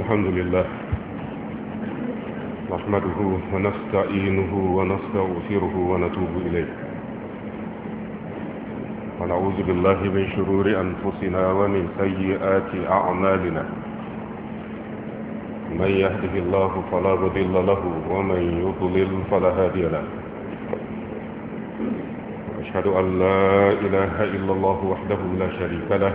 الحمد لله نحمده ونستعينه ونستغفره ونتوب إليه ونعوذ بالله من شرور أنفسنا ومن سيئات أعمالنا من يهده الله فلا مضل له ومن يضلل فلا هادي له أشهد أن لا إله إلا الله وحده لا شريك له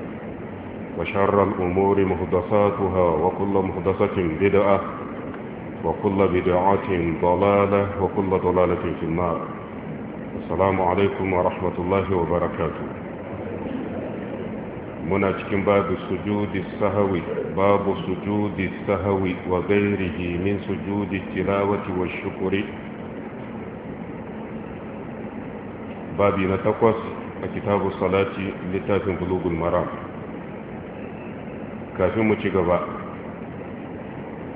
وشر الأمور مهدساتها وكل مهدسة بدعة وكل بدعة ضلالة وكل ضلالة في النار السلام عليكم ورحمة الله وبركاته مناجكم باب السجود السهوي باب السجود السهوي وغيره من سجود التلاوة والشكر بابي نتقص كتاب الصلاة لتافن قلوب المرام kafin mu ci gaba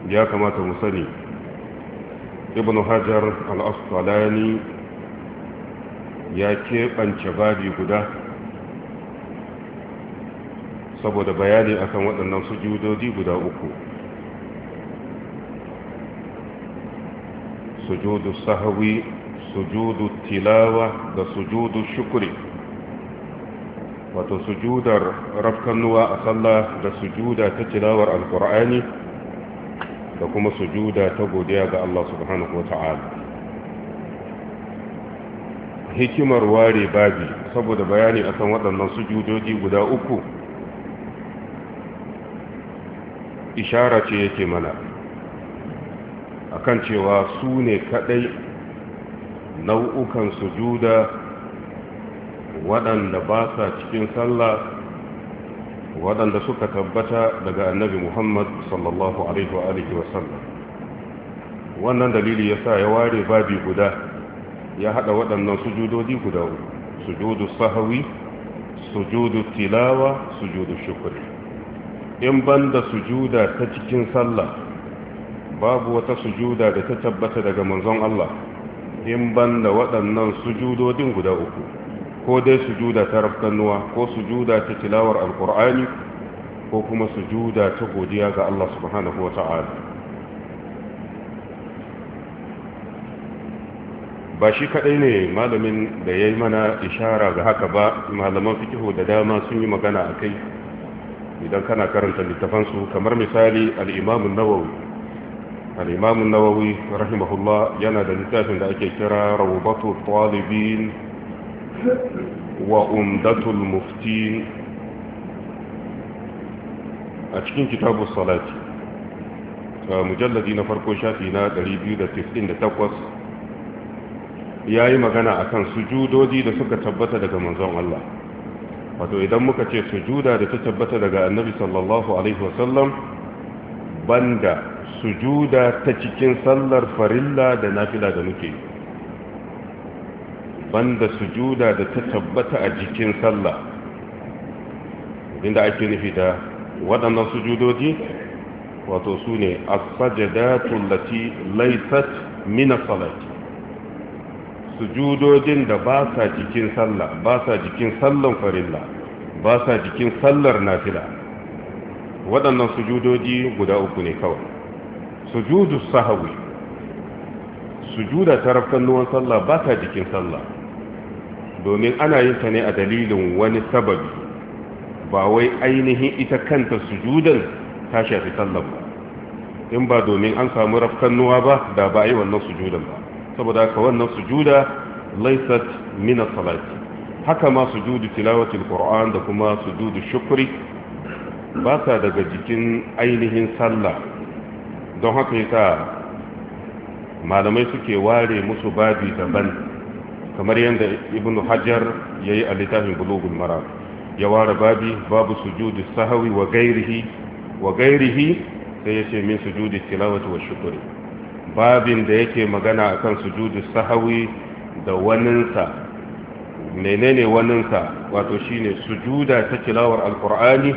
ya kamata mu sani ibn hajar al-asqalani ya keɓance babi guda saboda bayani akan waɗannan sujudodi guda uku sujudu sahawi sujudu tilawa da sujudu shukuri wato sujudar rafkannuwa a sallah da sujuda ta tilawar alkur'ani da kuma sujuda ta godiya ga Allah subhanahu wata'ala hikimar ware babi saboda bayani akan waɗannan sujudoji guda uku ishara ce yake mana akan cewa su ne kaɗai nau'ukan sujuda waɗanda ba sa cikin sallah waɗanda suka tabbata daga annabi muhammad sallallahu alaihi wa alihi wasallam wannan dalili ya sa ya ware babi guda ya haɗa waɗannan sujudodi guda sujudu sahawi sujudu tilawa sujudu shukuri in banda sujuda ta cikin sallah babu wata sujuda da ta tabbata daga manzon Allah in banda waɗannan sujudodin guda uku ko dai sujuda ta rafkannuwa ko sujuda ta tilawar alkur'ani ko kuma sujuda ta godiya ga Allah subhanahu wa ta'ala ba shi kaɗai ne malamin da ya yi mana ishara ga haka ba malaman fikihu da dama sun yi magana a kai idan kana karanta littafansu kamar misali al'imamun nawawi al'imamun nawawi rahimahullah yana da littafin da ake kira rawubatu talibin wa umdatul muftin a cikin kitabu salati mujalladi na farko shafi na 298 ya yi magana akan sujudodi da suka tabbata daga manzon Allah wato idan muka ce sujuda da ta tabbata daga annabi sallallahu alaihi wasallam banda sujuda ta cikin sallar farilla da nafila da muke yi banda sujuda da ta tabbata a jikin sallah inda ake nufi da waɗannan sujudoji wato su ne as-sajadatul lati laysat min as-salati sujudojin da ba sa jikin sallah ba sa jikin sallan farilla ba sa jikin sallar nafila waɗannan sujudoji guda uku ne kawai sujudu sahawi sujuda ta rafkan nuwan sallah ba ta jikin sallah domin ana yin ta ne a dalilin wani sababi ba wai ainihin ita kanta sujudan ta shafi sallan ba in ba domin an samu rafkannuwa ba da ba a yi wannan sujudan ba saboda haka wannan sujuda laisat min salati haka ma sujudu tilawatul qur'an da kuma sujudu shukri ba sa daga jikin ainihin sallah don haka yasa malamai suke ware musu babi daban kamar yadda ibnu hajar ya yi a littafin bulugul mara ya ware babi babu sujudi sahawi wa gairihi wa gairihi sai ya ce min sujudi tilawati wa shukuri babin da yake magana kan sujudi sahawi da waninsa menene waninsa wato shine sujuda ta tilawar alkur'ani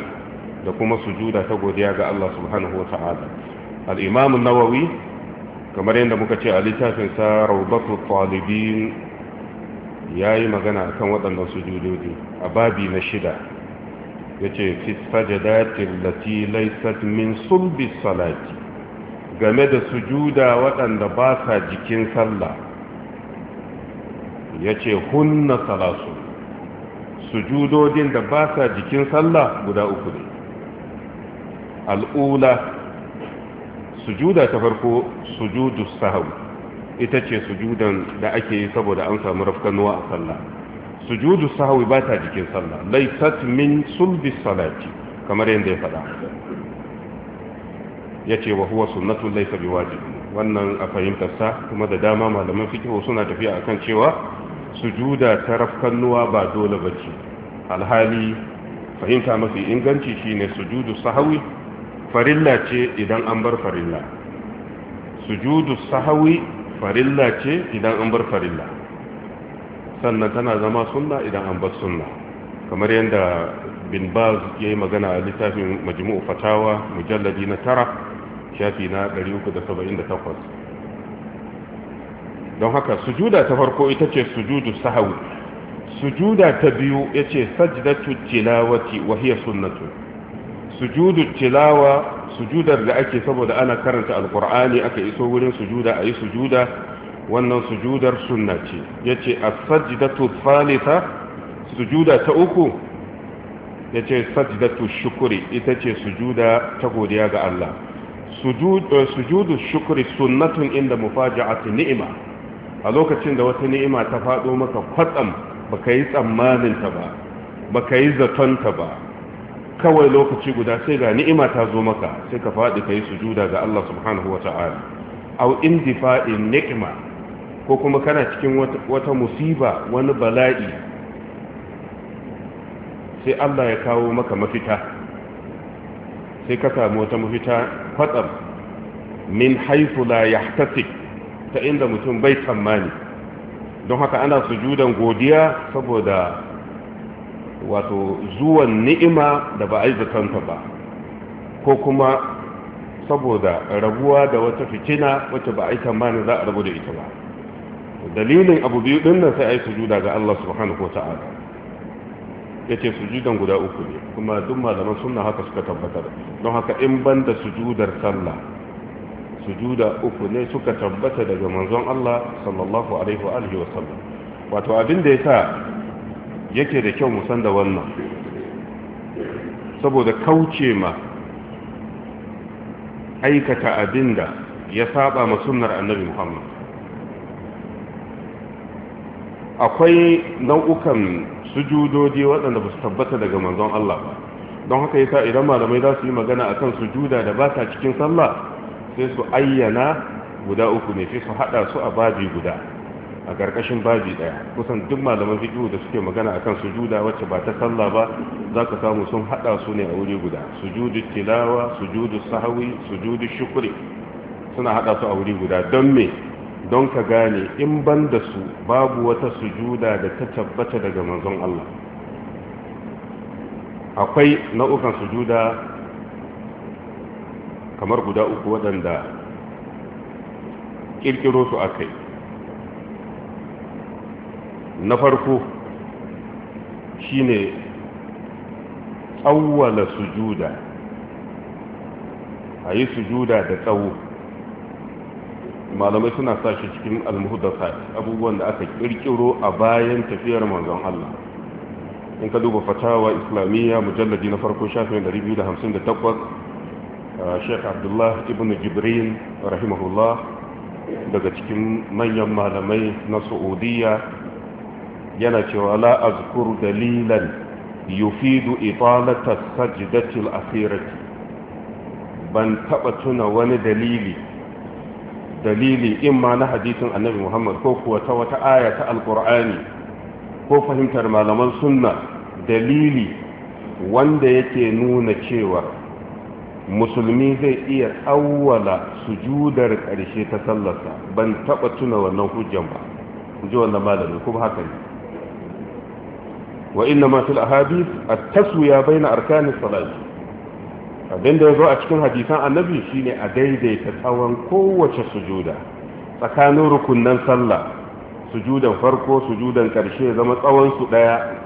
da kuma sujuda ta godiya ga Allah subhanahu wa ta'ala nawawi kamar yadda muka ce a littafin sa rawdatu talibin ya yi magana a kan waɗannan sujudodi a babi na shida ya ce fisfajadatin lati laisat min sulbi salati game da sujuda waɗanda ba sa jikin sallah ya ce hunna salasu sujudodin da ba sa jikin sallah guda uku ne al'ula sujuda ta farko sujudu sahawu ita ce sujudan da ake yi saboda an samu rafkan nuwa a sallah sujudu sahwi ba ta jikin sallah laisat min sulbi salati kamar yadda ya faɗa yace wa huwa sunnatu laysa biwajib wannan a fahimtar sa kuma da dama malaman fiqh suna tafiya akan cewa sujuda ta rafkan nuwa ba dole bace alhali fahimta mafi inganci shine sujudu sahwi farilla ce idan an bar farilla sujudu sahwi farilla ce idan an bar farilla sannan tana zama sunna idan an bar sunna kamar yadda bin baz ya yi magana a littafin majmu'u fatawa mujalladi na tara shafi na 378 don haka sujuda ta farko ita ce sujudu sahawi sujuda ta biyu ya ce sajdatu tilawati wa sunnatu sujudu tilawa sujudar da ake saboda ana karanta alkur'ani aka iso wurin sujuda a yi sujuda wannan sujudar sunna ce ya ce a sajidatu falita sujuda ta uku ya ce sajidatu shukuri ita ce sujuda ta godiya ga Allah eh, sujudu shukuri sunnatun inda mufaja'atu ni'ima a lokacin da wata ni'ima ta faɗo maka kwatsam baka yi tsammaninta ba baka yi zatonta ba kawai lokaci guda sai ga ni'ima ta zo maka sai ka faɗi ka yi sujuda ga Allah subhanahu wata'ala au indifa'in ni'ima ko kuma kana cikin wata musiba wani bala'i sai Allah ya kawo maka mafita sai ka samu wata mafita kwatsam min haifu la yahtasib ta inda mutum bai tsammani don haka ana sujudan godiya saboda wato zuwan ni'ima da ba a yi zatanta ba ko kuma saboda rabuwa da wata fitina wacce ba a yi tamanin za a rabu da ita ba dalilin abu biyu din nan sai a yi sujuda ga Allah subhanahu wa ta'ala ya ce sujudan guda uku ne kuma duk malaman sunna haka suka tabbatar don haka in ban da sujudar sallah sujuda uku ne suka tabbata daga manzon Allah sallallahu alaihi wa alihi wa sallam wato abin da ya sa yake da kyau musan da wannan saboda kauce ma aikata abinda ya saba ma sunnar annabi Muhammad akwai nau'ukan sujudodi waɗanda ba su tabbata daga manzon Allah ba don haka yasa idan malamai za su yi magana a kan sujuda da ba ta cikin sallah sai su ayyana guda uku ne sai su haɗa su a baji guda a ƙarƙashin babi ɗaya kusan duk malaman fiƙihu da suke magana akan sujuda wacce ba ta sallah ba za ka samu sun haɗa su ne a wuri guda sujudu tilawa sujudu sahawi sujudu shukuri suna haɗa su a wuri guda don me don ka gane in ban da su babu wata sujuda da ta tabbata daga manzon Allah akwai nau'ukan sujuda kamar guda uku waɗanda ƙirƙiro su a kai na farko shine tsawwala sujuda a yi sujuda da tsawo malamai suna sa shi cikin almuhudasa abubuwan da aka kirkiro a bayan tafiyar manzon Allah in ka duba fatawa islamiyya mujalladi na farko shafin 258 shek abdullah ibn jibrin rahimahullah daga cikin manyan malamai na saudiya yana cewa la dalilan yufidu italata sajdatul akhirati ban taba tuna wani dalili dalili in ma na hadisin annabi Muhammad ko kuwa ta wata aya ta alqur'ani ko fahimtar malaman sunna dalili wanda yake nuna cewa musulmi zai iya awwala sujudar ƙarshe ta sallarsa ban taba tuna wannan hujjan ba ji wannan malami kuma haka ne wa inna ma fil ahadith at-taswiya bayna arkanis salat abin da zo a cikin hadisan annabi shine a daidaita tsawon kowace sujuda tsakanin rukunan sallah sujudan farko sujudan karshe zama tsawonsu daya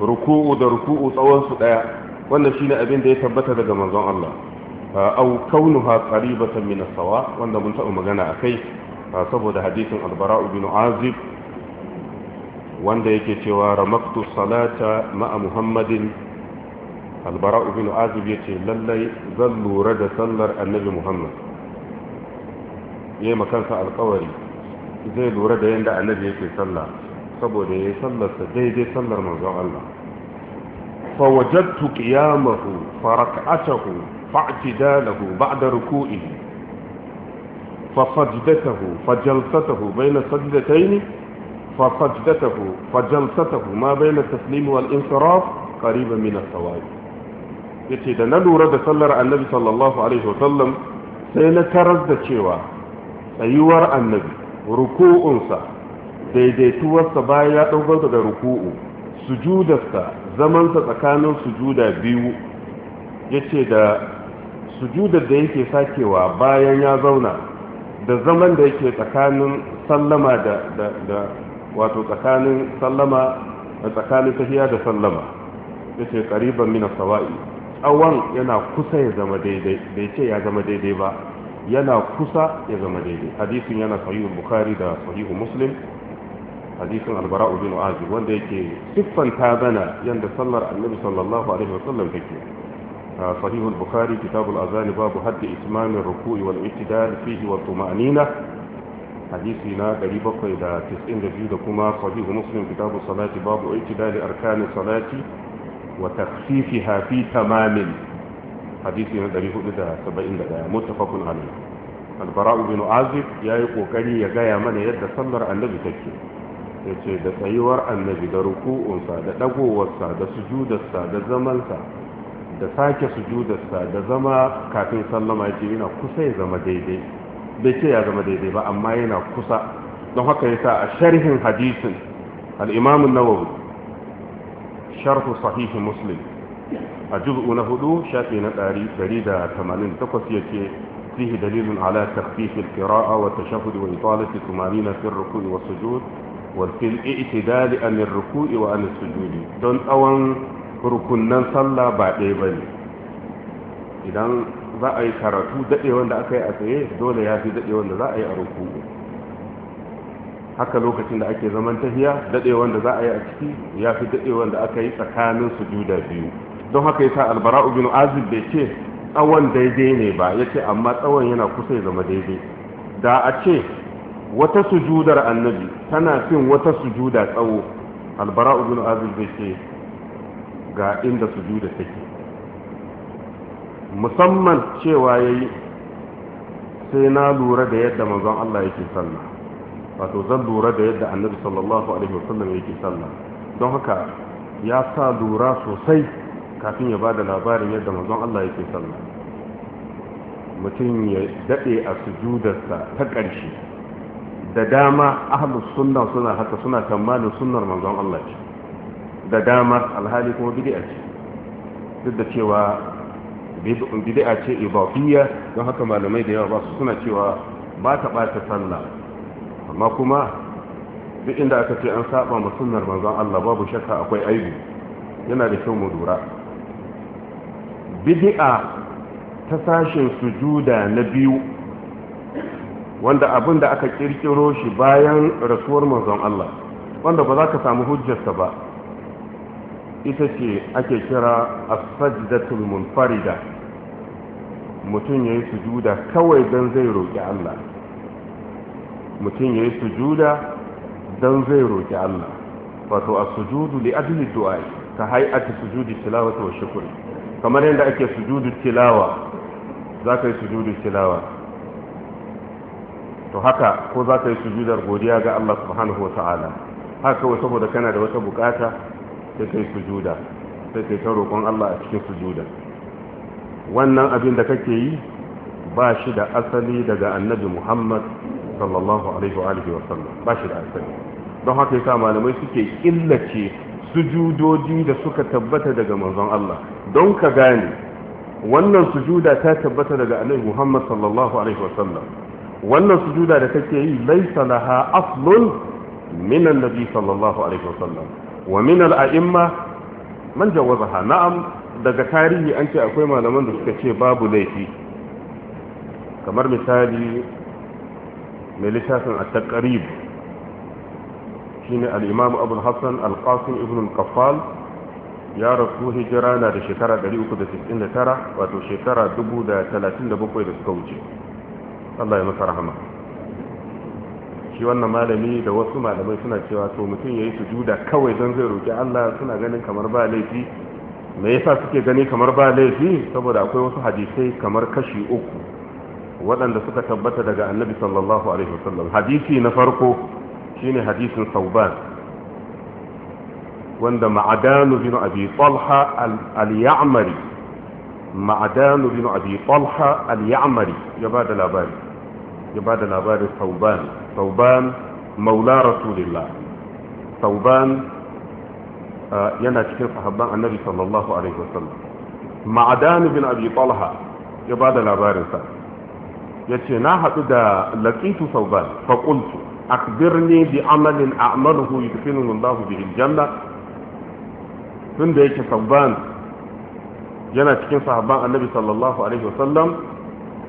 ruku'u da ruku'u tsawonsu ɗaya, daya wannan shine abin da ya tabbata daga manzon Allah au kaunuha qaribatan min as-sawa wanda mun taɓa magana akai saboda hadisin al-bara'u bin azib wanda yake cewa ramaktu salata ma'a muhammadin albara Ubinu azib ce lallai zan lura da sallar annabi muhammad Ya yayi makansa alƙawari zai lura da yanda annabi yake sallah saboda yayi sallar sa daidai sallar manzon Allah fa wajadtu qiyamahu fa rak'atahu fa'tidalahu ba'da ruku'i. fa sajdatahu fa jalsatahu bayna sajdatayn فسجدته فجلسته ما بين التسليم والانصراف قريبا من الثواب yace da na lura da sallar annabi sallallahu alaihi wasallam sai na tarar da cewa tsayuwar annabi ruku'unsa daidaituwarsa bayan ya ɗaukarsa da ruku'u sujudarsa zamansa tsakanin sujuda biyu yace da sujudar da yake sakewa bayan ya zauna da zaman da yake tsakanin sallama da wato tsakanin sallama da tsakanin tafiya da sallama yace ce min as-sawa'i tsawon yana kusa ya zama daidai bai ce ya zama daidai ba yana kusa ya zama daidai hadisin yana sahihu bukari da sahihu muslim hadisin albara bin azib wanda yake siffan ta bana yadda sallar annabi sallallahu alaihi wasallam take sahihul bukari kitabul azani babu haddi itmamir ruku'i wal i'tidal fihi wa tuma'nina hadisi na 792 da kuma sahihu muslim kitabu salati babu iktidali arkani salati wa takhfifiha fi tamamin hadisi na 471 muttafaqun alayh al-bara'u bin azib yayi kokari ya gaya mana yadda sallar annabi take yace da tsayuwar annabi da ruku'unsa da dagowarsa da sujudarsa da zamansa da sake sujudarsa da zama kafin sallama yace ina kusa ya zama daidai bai ya zama daidai ba amma yana kusa don haka ya sa a sharhin hadisin al'imamin nawawi sharhu sahihin muslim a juzu na hudu shafi na dari da tamanin takwas ya ce fihi dalilin ala takfifin kira'a wa tashahudu wa italisi tumani na fin ruku wa sujud wa fil itidali a min ruku wa an sujudi don tsawon rukunan sallah ba ɗaya ba ne idan za a yi karatu daɗewan da aka yi a tsaye dole ya fi daɗewan da za a yi a ruku haka lokacin da ake zaman tafiya daɗewan da za a yi a ciki ya fi daɗewan da aka yi tsakanin su juda biyu don haka yasa albara ubin azib bai ce tsawon daidai ne ba ya ce amma tsawon yana kusa ya zama daidai da a ce wata sujudar annabi tana fin wata sujuda tsawo albara ubin azib bai ce ga inda sujuda take musamman cewa ya yi sai na lura da yadda manzon Allah yake sallah wato zan lura da yadda annabi sallallahu alaihi wasallam yake sallah don haka ya sa lura sosai kafin ya ba da labarin yadda manzon Allah yake sallah mutum ya daɗe a sujudarsa ta ƙarshe da dama ahlus sunna suna haka suna tamanin sunnar manzon Allah ce da dama alhali kuma bid'a ce duk da cewa bid'a ce idafiyya don haka malamai da yawa ba su suna cewa ba ta ɓata sallah amma kuma duk inda aka ce an saba ma sunnar manzon Allah babu shakka akwai aibu yana da kyau mu dura bid'a ta sashin sujuda na biyu wanda abin da aka kirkiro shi bayan rasuwar manzon Allah wanda ba za ka samu hujjarsa ba ita ce ake kira a sajidatul munfarida mutum ya yi sujuda kawai don zai roƙi Allah mutum ya yi sujuda don zai roƙi Allah wato a sujudu li ajli du'a ka hay'atu sujudi ta wa shukri kamar yadda ake sujudu tilawa za ka yi sujudu tilawa to haka ko za ka yi sujudar godiya ga Allah subhanahu wa ta'ala haka saboda kana da wata bukata sai kai sujuda sai kai ta roƙon Allah a cikin sujuda wannan abin da kake yi ba shi da asali daga annabi Muhammad sallallahu alaihi wa alihi wa sallam ba shi da asali don haka yasa malamai suke killace sujudoji da suka tabbata daga manzon Allah don ka gane wannan sujuda ta tabbata daga annabi Muhammad sallallahu alaihi wa sallam wannan sujuda da kake yi laisa laha aslun min annabi sallallahu alaihi wa sallam wa min al'a'imma man jawazaha na'am daga tarihi an ce akwai malaman da suka ce babu laifi kamar misali mai littafin a taƙarib shine ne al'imamu abul hassan ibn kafal ya rasu hijira na da shekara 369 wato shekara 1037 da suka wuce Allah ya masa rahama shi wannan malami da wasu malamai suna cewa to mutum ya yi sujuda kawai don zai roƙi Allah suna ganin kamar ba laifi me yasa suke gani kamar ba laifi saboda akwai wasu hadisai kamar kashi uku waɗanda suka tabbata daga annabi sallallahu alaihi wasallam hadisi na farko shine hadisin sauban wanda ma'adanu bin abi talha al-ya'mari ma'adanu bin abi talha al-ya'mari ya ba da labari ya ba da labarin sauban sauban maula rasulillah sauban yana cikin sahabban annabi sallallahu alaihi wasallam ma'adan bin abi talha ya ba da labarinsa ya ce na haɗu da laƙitu sauban faƙultu akbirni bi amalin a'maluhu yudkhiluni Allahu bihi aljanna tunda yake sauban yana cikin sahabban annabi sallallahu alaihi wasallam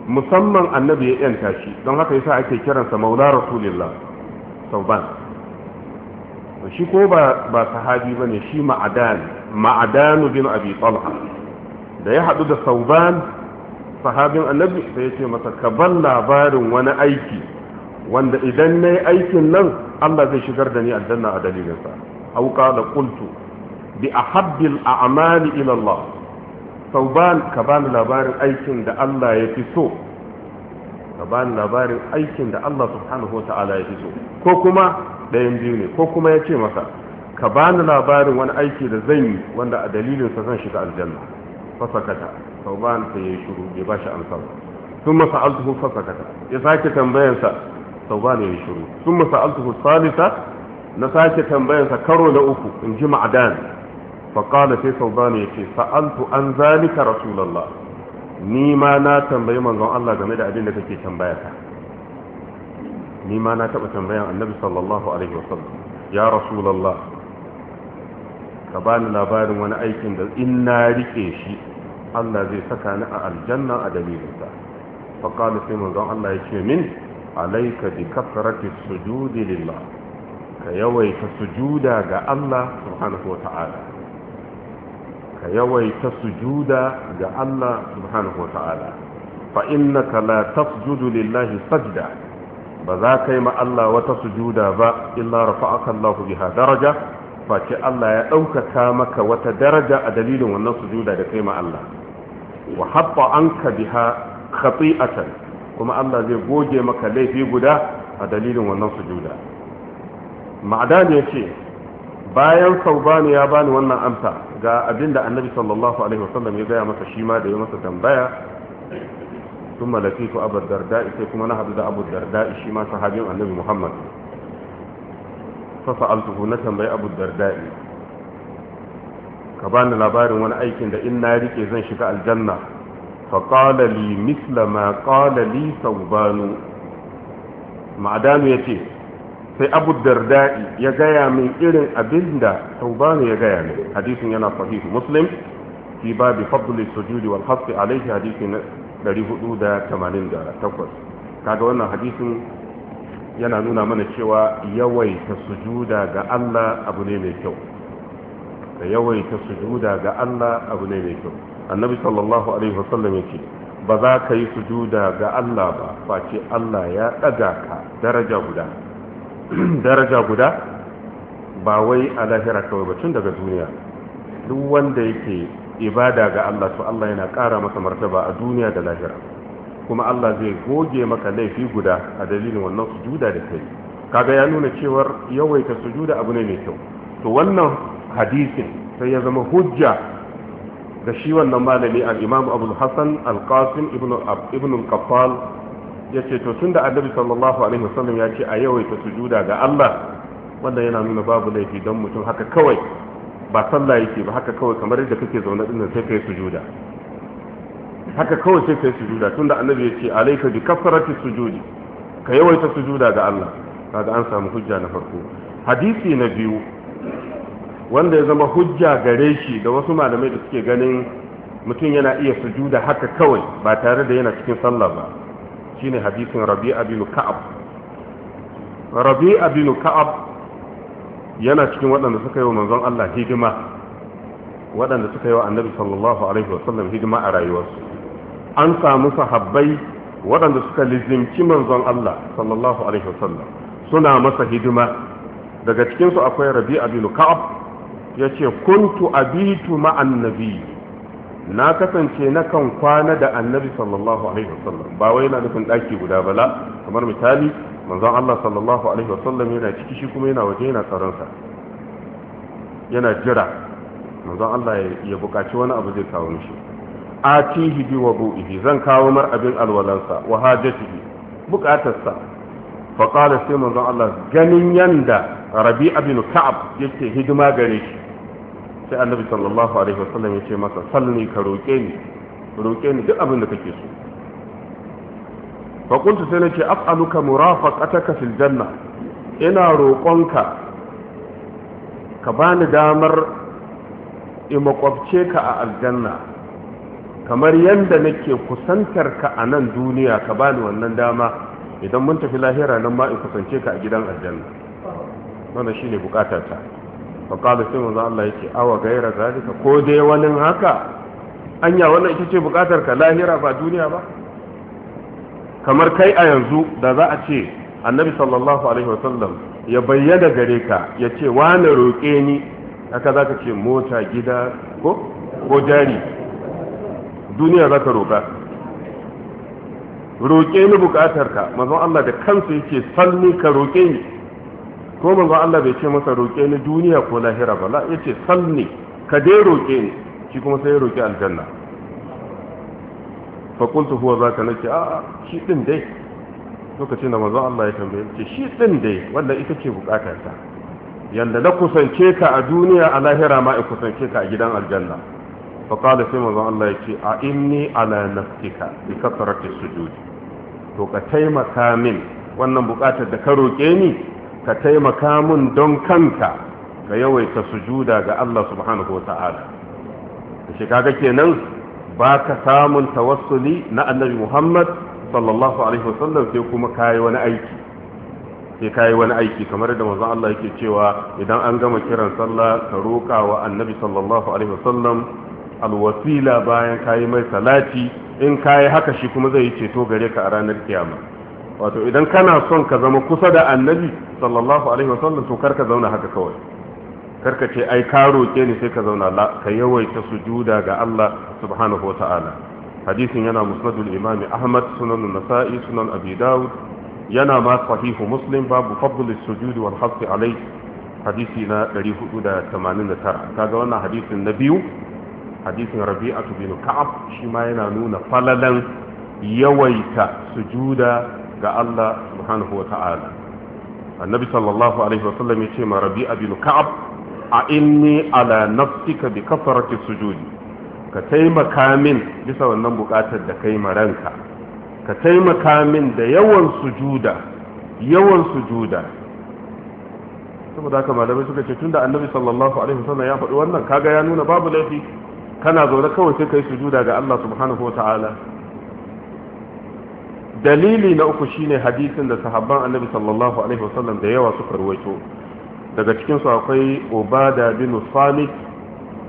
musamman annabi ya yanta shi don haka yasa ake kiransa maula rasulillah sauban shi ko ba ba sahabi bane shi ma'adan ma'adanu bin abi talha da ya hadu da sauban sahabin annabi sai ya ce masa ka ban labarin wani aiki wanda idan nayi aikin nan Allah zai shigar da ni aljanna a dalilinsa auka da kultu bi ahabbil a'mali ilallah sauban ka bani labarin aikin da Allah ya fi so ka bani labarin aikin da Allah subhanahu wa ta'ala ya fi so ko kuma ɗayan biyu ne ko kuma ya ce masa ka bani labarin wani aiki da zan yi wanda a dalilinsa zan shiga aljanna fasakata ba sauban sai ya yi shuru bai ba shi amsa sun masa altuhu fasakata ya sake tambayansa ba sauban ya yi shuru sun masa altuhu salisa na sake tambayansa karo na uku in ji ma'adan faƙala sai sauban ya ce sa'altu an zalika rasulallah ni ma na tambayi manzon Allah game da abin da kake tambaya ta ni ma na taɓa tambayan annabi sallallahu alaihi wasallam ya rasulallah ka bani labarin wani aikin da in na rike shi Allah zai saka ni a aljanna a dalilinsa faƙala sai manzon Allah ya ce min alaika bi kasrati sujudi lillah ka yawaita sujuda ga Allah subhanahu wata'ala ka yawaita sujuda ga Allah subhanahu wata'ala fa innaka la tasjudu lillahi sajda ba za ka yi ma Allah wata sujuda ba illa rafa'aka Allah biha daraja face Allah ya ɗaukaka maka wata daraja a dalilin wannan sujuda da kai ma Allah wa an ka biha khati'atan kuma Allah zai goge maka laifi guda a dalilin wannan sujuda ma'adani ya ce bayan saubanu ya bani wannan amsa ga abin da annabi sallallahu alaihi wasallam ya gaya masa shi ma da ya masa tambaya sun malafi su abu darda'i sai kuma na hadu da abu darda'i shi ma sahabin annabi muhammad fasa altuhu na tambayi abu darda'i ka bani labarin wani aikin da in na rike zan shiga aljanna faƙala li misla ma ƙala li saubanu ma'adanu ya ce sai abu darda'i ya gaya min irin abinda da ya gaya min hadisin yana sahihu muslim fi babu fadli sujudi wal hasbi alaihi hadisi na 488 kaga wannan hadisin yana nuna mana cewa yawaita sujuda ga Allah abu ne mai kyau da yawaita sujuda ga Allah abu ne mai kyau annabi sallallahu alaihi wasallam yake ba za ka yi sujuda ga Allah ba face Allah ya daga ka daraja guda daraja guda ba wai a lahira kawai ba tun daga duniya duk wanda yake ibada ga Allah to Allah yana ƙara masa martaba a duniya da lahira kuma Allah zai goge maka laifi guda a dalilin wannan sujuda da kai kaga ya nuna cewar yawaita sujuda abu ne mai kyau to wannan hadisin sai ya zama hujja ga shi wannan malami al-Imam Abu Hassan al-Qasim ibn ibn qaffal ya ce to da annabi sallallahu alaihi wasallam ya ce a yawaita sujuda ga Allah wanda yana nuna babu laifi don mutum haka kawai ba sallah yake ba haka kawai kamar yadda kake zaune din sai kai sujuda haka kawai sai kai sujuda da annabi ya ce alayka bi kafarati sujudi ka yawaita sujuda ga Allah kaga an samu hujja na farko hadisi na biyu wanda ya zama hujja gare shi da wasu malamai da suke ganin mutum yana iya sujuda haka kawai ba tare da yana cikin sallah ba shine hadisin rabi'a bin ka'ab rabi'a bin ka'ab yana cikin waɗanda suka yi wa manzon Allah hidima waɗanda suka yi wa annabi sallallahu alaihi wasallam hidima a rayuwarsu an samu sahabbai waɗanda suka lizimci manzon Allah sallallahu alaihi wasallam suna masa hidima daga cikinsu akwai rabi'a bin ka'ab yace kuntu abitu ma'an nabiyyi na kasance na kan kwana da annabi sallallahu alaihi wasallam ba wai yana nufin daki guda bala kamar misali manzon Allah sallallahu alaihi wasallam yana ciki shi kuma yana waje yana tsaron sa yana jira manzon Allah ya bukaci wani abu zai kawo mishi atihi bi wudu'ihi zan kawo mar abin alwalansa wa hajatihi bukatarsa fa qala sai manzon Allah ganin yanda Rabi'a bin Ka'ab yake hidima gare shi sai annabi sallallahu alaihi wasallam ya ce masa salli ka roƙe ni roƙe ni duk abin da kake so fa kuntu sai nace as'aluka murafaqataka fil janna ina roƙonka ka bani damar in makwabce ka a aljanna kamar yadda nake kusantar ka a nan duniya ka bani wannan dama idan mun tafi lahira nan ma in kusance ka a gidan aljanna wannan shine bukatata faƙaɗa sai manzo Allah ya ce awa gaira zalika ko dai wani haka anya wannan ita ce buƙatar ka lahira ba duniya ba kamar kai a yanzu da za a ce annabi sallallahu alaihi wasallam ya bayyana gare ka ya ce wani roƙe ni haka za ka ce mota gida ko ko jari duniya za ka roƙa roƙe ni buƙatar ka manzo Allah da kansu yake sanni ka roƙe ni ko manzo Allah bai ce masa roƙe ni duniya ko lahira ba la yace salni ka dai roƙe ni shi kuma sai ya roƙi aljanna fa kuntu huwa zaka nace a shi din dai lokacin da manzo Allah ya tambaye ce shi din dai wanda ita ce ta. yanda na kusance ka a duniya a lahira ma in kusance ka a gidan aljanna fa qala sai manzo Allah ya ce a inni ala nafsika bi kasrati sujud to ka taimaka min wannan bukatar da ka roƙe ni ka taimaka mun don kanka ka yawaita sujuda ga Allah subhanahu wa ta'ala shi kaga kenan ba ka samun tawassuli na annabi Muhammad sallallahu alaihi wasallam sai kuma kayi wani aiki sai kayi wani aiki kamar da manzo Allah yake cewa idan an gama kiran sallah ka roƙa wa annabi sallallahu alaihi wasallam alwasila bayan kayi mai salati in kayi haka shi kuma zai yi ceto gare ka a ranar kiyama wato idan kana son ka zama kusa da annabi sallallahu alaihi wasallam to karka zauna haka kawai karka ce ai ka roke ni sai ka zauna la ka yawaita sujuda ga Allah subhanahu wa ta'ala hadisin yana musnadul imami ahmad sunan nasa'i sunan abi dawud yana ma sahihu muslim babu fadl sujud wal hafi alai hadisi na 489 kaga wannan hadisin na biyu hadisin rabi'atu bin ka'ab shi ma yana nuna falalan yawaita sujuda ga Allah subhanahu wa ta'ala annabi sallallahu alaihi wa sallam yace ma Rabi bin ka'ab a inni ala nafsika bi kafarati sujudi ka taimaka min bisa wannan bukatar da kai maranka ka taimaka min da yawan sujuda yawan sujuda saboda haka malamai suka ce tunda annabi sallallahu alaihi wa sallam ya faɗi wannan kaga ya nuna babu laifi kana zaune kawai sai kai sujuda ga Allah subhanahu wa ta'ala dalili na uku shine hadisin da sahabban annabi sallallahu alaihi wasallam da yawa suka ruwaito daga cikin su akwai ubada bin samit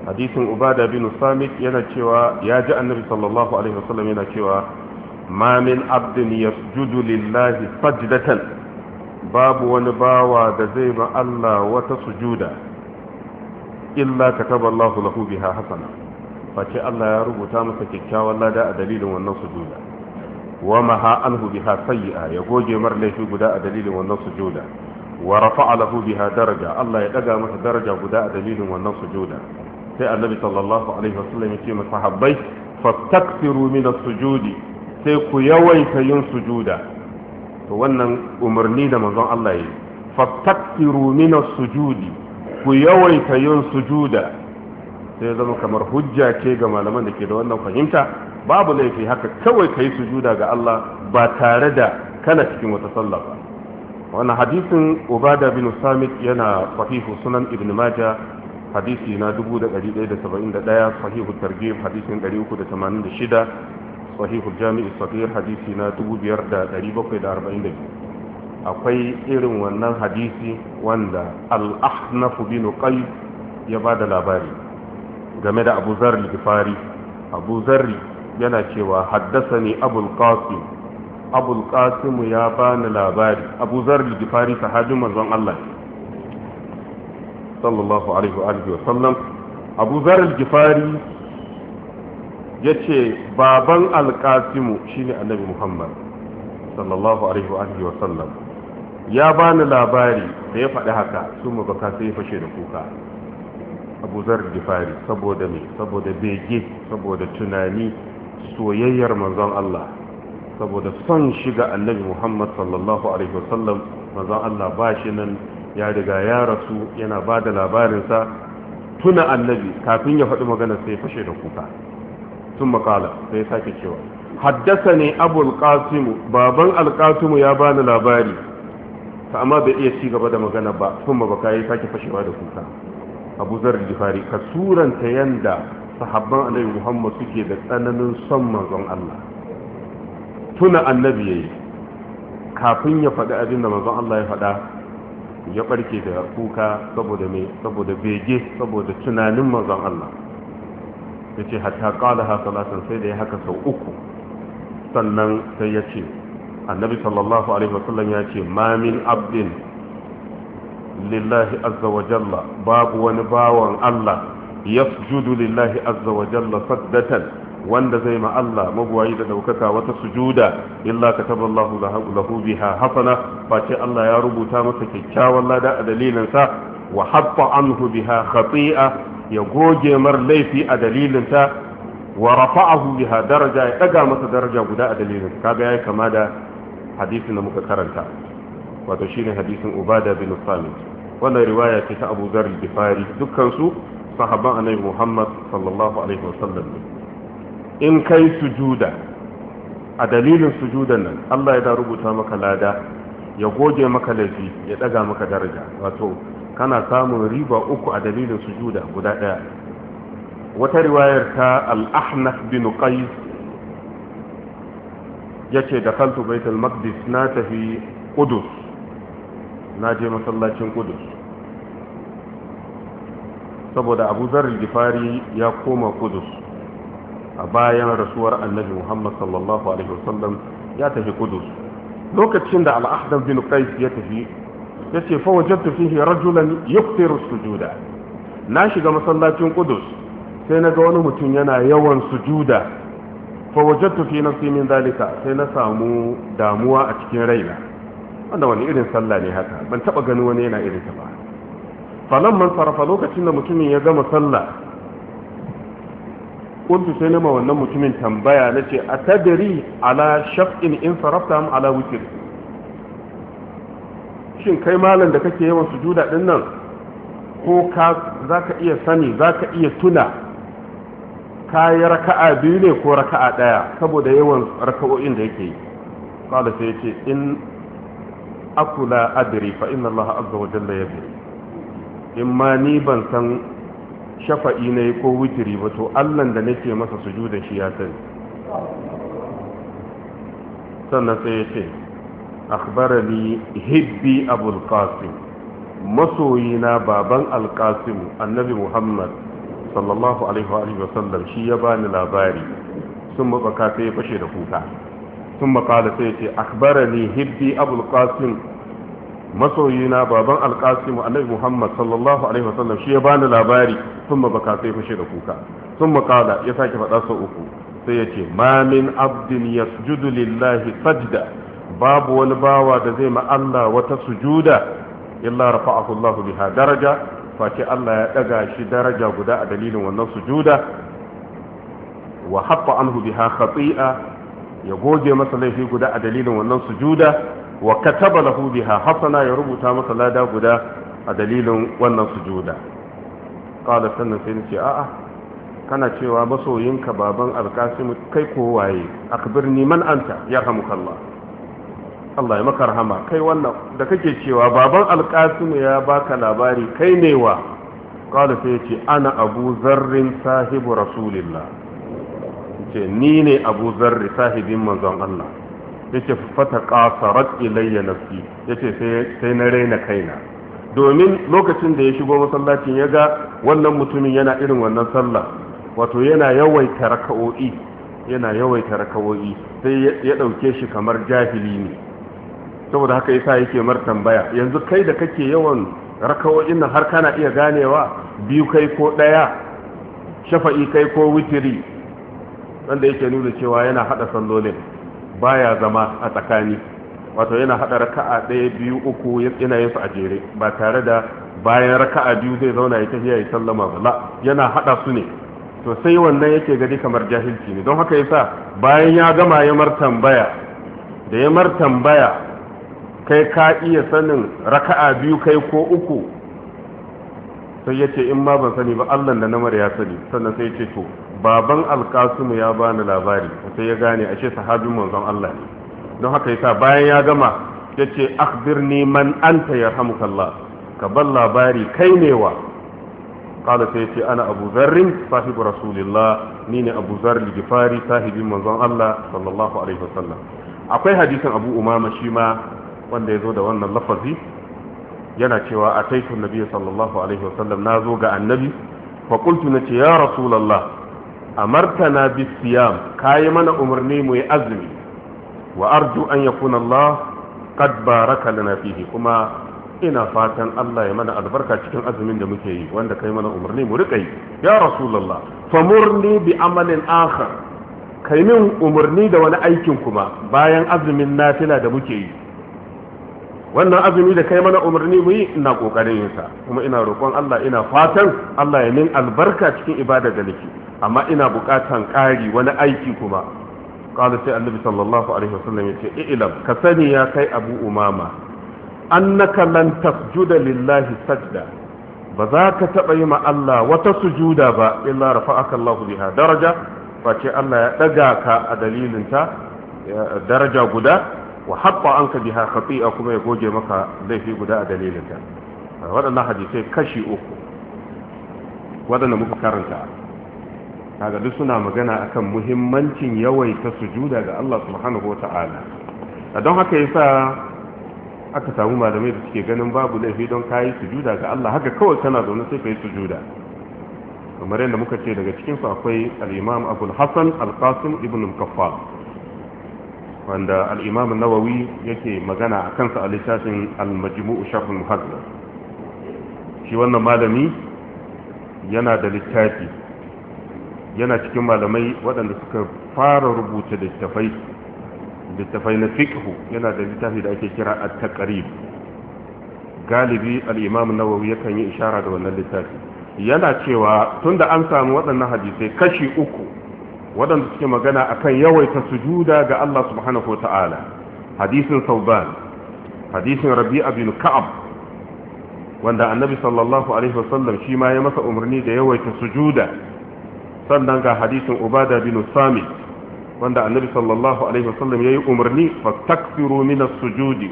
hadisin ubada bin samit yana cewa ya ji annabi sallallahu alaihi wasallam yana cewa ma min abdin yasjudu lillahi sajdatan babu wani bawa da zai ma Allah wata sujuda illa kataba Allahu lahu biha hasana face Allah ya rubuta masa kyakkyawan lada a dalilin wannan sujuda wa maha anhu biha sayyi'a ya goge mar laifi guda a dalilin wannan sujuda wa rafa'a lahu biha daraja Allah ya daga masa daraja guda a dalilin wannan sujuda sai annabi sallallahu alaihi wasallam ya ce masa habbai fastakthiru min as-sujudi sai ku yawaita yin sujuda to wannan umarni da manzon Allah ya yi fastakthiru min as-sujudi ku yawaita yin sujuda sai zama kamar hujja ce ga malaman da ke da wannan fahimta babu laifi haka kawai ka yi sujuda ga Allah ba tare da kana cikin wata sallah ba wannan hadisin ubada bin samit yana sahihu sunan ibn maja hadisi na 1171 sahihu targhib hadisin 386 sahihu jami'i sahih hadisi na 5742 akwai irin wannan hadisi wanda al-ahnaf bin qais ya bada labari game da abu zarri gifari abu zarri yana cewa haddasa ne qasim abul qasim ya bani labari abu zar al-gifari sahabin manzon Allah sallallahu alaihi wa alihi wa sallam abu zar jifari ya ce baban al-qasim shine annabi Muhammad sallallahu alaihi wa wa sallam ya bani labari da ya faɗi haka su mu baka sai ya fashe da kuka abu zar jifari saboda me saboda bege saboda tunani soyayyar manzon Allah saboda son shiga annabi Muhammad sallallahu alaihi wasallam manzon Allah ba shi nan ya riga ya rasu yana ba da labarinsa tuna annabi kafin ya faɗi magana sai fashe da kuka sun makala sai sake cewa haddasa ne abul qasimu baban alƙasimu ya bani labari ta amma bai iya ci gaba da magana ba sun mabaka ya sake fashewa da kuka abu zar gifari ka suranta yanda sahabban annabi muhammad suke da tsananin son manzon Allah tuna annabi yayi kafin ya faɗi abin da manzon Allah ya faɗa ya barke da kuka saboda me saboda bege saboda tunanin manzon Allah yace hatta qala ha salatan sai da ya haka sau uku sannan sai ya ce annabi sallallahu alaihi wasallam ya ce mamin abdin lillahi azza wa jalla babu wani bawan Allah yasjudu lillahi azza wa jalla saddatan wanda zai ma Allah magwayi da daukaka wata sujuda illa kataba Allahu lahu biha hasana face Allah ya rubuta masa kyakkyawan lada a dalilin sa wa hatta anhu biha khati'a ya goge mar laifi a dalilin ta wa rafa'ahu biha daraja ya daga masa daraja guda a dalilin kaga yayi kama da hadisin da muka karanta wato shine hadisin Ubada bin Samit wannan riwaya ce ta Abu Dharr al-Ghifari dukkan su sahaban annabi Muhammad sallallahu alaihi wasallam in kai sujuda a dalilin sujudan nan Allah ya da rubuta maka lada ya goge maka laifi ya daga maka daraja wato kana samun riba uku a dalilin sujuda guda daya wata riwayar ta al-ahnaf bin qais yace da kaltu baitul maqdis na tafi qudus na je masallacin qudus saboda abu zarar gifari ya koma kudus a bayan rasuwar annabi muhammad sallallahu alaihi wasallam ya tafi kudus lokacin da al'adar bin qais ya tafi ya ce fa wajadtu fihi rajulan yukthiru sujuda na shiga masallacin kudus sai na ga wani mutum yana yawan sujuda fa wajadtu fi nafsi min dalika sai na samu damuwa a cikin raina wanda wani irin sallah ne haka ban taba ganin wani yana irin ta ba falon man sarrafa lokacin da mutumin ya gama sallah kuntu sai nema wannan mutumin tambaya na ce a tadiri ala shaf'in in sarrafta am ala wikir shin kai malam da kake yawan sujuda din nan ko ka za ka iya sani za ka iya tuna ka yi raka'a biyu ne ko raka'a ɗaya saboda yawan raka'o'in da yake yi ƙada sai ya ce in akula adiri fa inna allaha azza wa jalla ya biyu in ma ni ban san shafa'i na yi ko witiri ba to allan da nake masa da shi ya sani sannan sai ya ce akhbarani hibbi abul qasim masoyina baban alqasim annabi muhammad sallallahu alaihi wa sallam shi ya bani labari sun mabaka sai ya fashe da kuka sun makala sai ya ce akhbarani hibbi abul qasim masoyina baban alkasim annabi muhammad sallallahu alaihi wasallam shi ya bani labari sun baka sai fashe da kuka sun makala ya sake faɗa sau uku sai ya ce ma min abdin yasjudu lillahi sajda babu wani bawa da zai ma Allah wata sujuda illa rafa'ahu Allah biha daraja face Allah ya daga shi daraja guda a dalilin wannan sujuda wa hatta anhu biha khati'a ya goge masa laifi guda a dalilin wannan sujuda wa kataba lahu biha hasana ya rubuta masa lada guda a dalilin wannan sujuda qala sannan sai ce a'a kana cewa masoyinka baban alkasim kai ko waye akbirni man anta rahmukallah Allah ya maka rahama kai wannan da kake cewa baban alkasim ya baka labari kai ne wa qala sai ce ana abu zarrin sahibu rasulillah ce ni ne abu zarri sahibin manzon Allah yake fata kasarat ilayya nafsi yace sai sai na raina kaina domin lokacin da ya shigo masallacin ya ga wannan mutumin yana irin wannan sallah wato yana yawaita raka'o'i yana yawaita raka'o'i sai ya dauke shi kamar jahili ne saboda haka yasa yake mar tambaya yanzu kai da kake yawan raka'o'in nan har kana iya ganewa biyu kai ko daya shafa'i kai ko witiri wanda yake nuna cewa yana hada sallolin baya zama a tsakani wato yana haɗa raka'a ɗaya biyu uku yana yin su a jere ba tare da bayan raka'a biyu zai zauna ya tafiya ya sallama ba la yana haɗa su ne to sai wannan yake gani kamar jahilci ne don haka yasa bayan ya gama ya mar tambaya da ya mar tambaya kai ka iya sanin raka'a biyu kai ko uku sai yace in ma ban sani ba Allah da namar ya sani sannan sai ya ce to baban alkasimu ya bani labari sai ya gane ashe sahabin manzon Allah ne don haka yasa bayan ya gama ya ce akhbirni man anta yarhamukallah ka bar labari kai ne wa qala sai ce ana abu zarrin sahibu ni ne abu zarr gifari sahibin manzon Allah sallallahu alaihi wasallam akwai hadisin abu umama shi ma wanda ya zo da wannan lafazi yana cewa ataitu nabiyyi sallallahu alaihi wasallam nazo ga annabi fa qultu ce ya rasulullah martana bisiyam kayi mana umarni mu yi azumi wa arju an yakuna Allah qad baraka lana fihi kuma ina fatan Allah ya mana albarka cikin azumin da muke yi wanda kai mana umarni mu riƙa yi ya rasulullah famurni bi amalin akhar kai min umarni da wani aikin kuma bayan azumin nafila da muke yi wannan azumi da kai mana umarni mu yi ina kokarin yinsa sa kuma ina roƙon Allah ina fatan Allah ya min albarka cikin ibada da nake amma ina bukatan ƙari wani aiki kuma qala sai annabi sallallahu alaihi wasallam yace ilam ka sani ya kai abu umama annaka lan tasjuda lillahi sajda ba za ka taɓa yi ma Allah wata sujuda ba illa rafa'aka Allahu biha daraja face Allah ya daga ka a dalilin ta daraja guda wa an anka biha khati'a kuma ya goge maka laifi guda a dalilin ta waɗannan hadisai kashi uku waɗanda muka karanta kaga duk suna magana akan muhimmancin yawaita sujuda ga Allah subhanahu wata'ala don haka yasa aka samu malamai da suke ganin babu laifi don kayi sujuda ga Allah haka kawai kana zaune sai kai sujuda kamar yadda muka ce daga cikin akwai al-Imam Abu hasan al-Qasim ibn al-Kaffar wanda al-Imam nawawi yake magana akan sa a littafin al-Majmu' Sharh al-Muhaddith shi wannan malami yana da littafi yana cikin malamai waɗanda suka fara rubuta littafai littafai na fikhu yana da littafi da ake kira a galibi al’imam imam nawawi yakan yi ishara da wannan littafi yana cewa tunda an samu waɗannan hadisai kashi uku waɗanda suke magana a kan yawaita su juda ga Allah subhanahu ta'ala. hadisin sauban hadisin rabi abin ka'ab wanda annabi sallallahu alaihi wasallam shi ma ya masa umarni da yawaita su juda. sannan ga hadisin ubada bin sami wanda annabi sallallahu alaihi wasallam yayi umarni fa takfiru min as-sujudi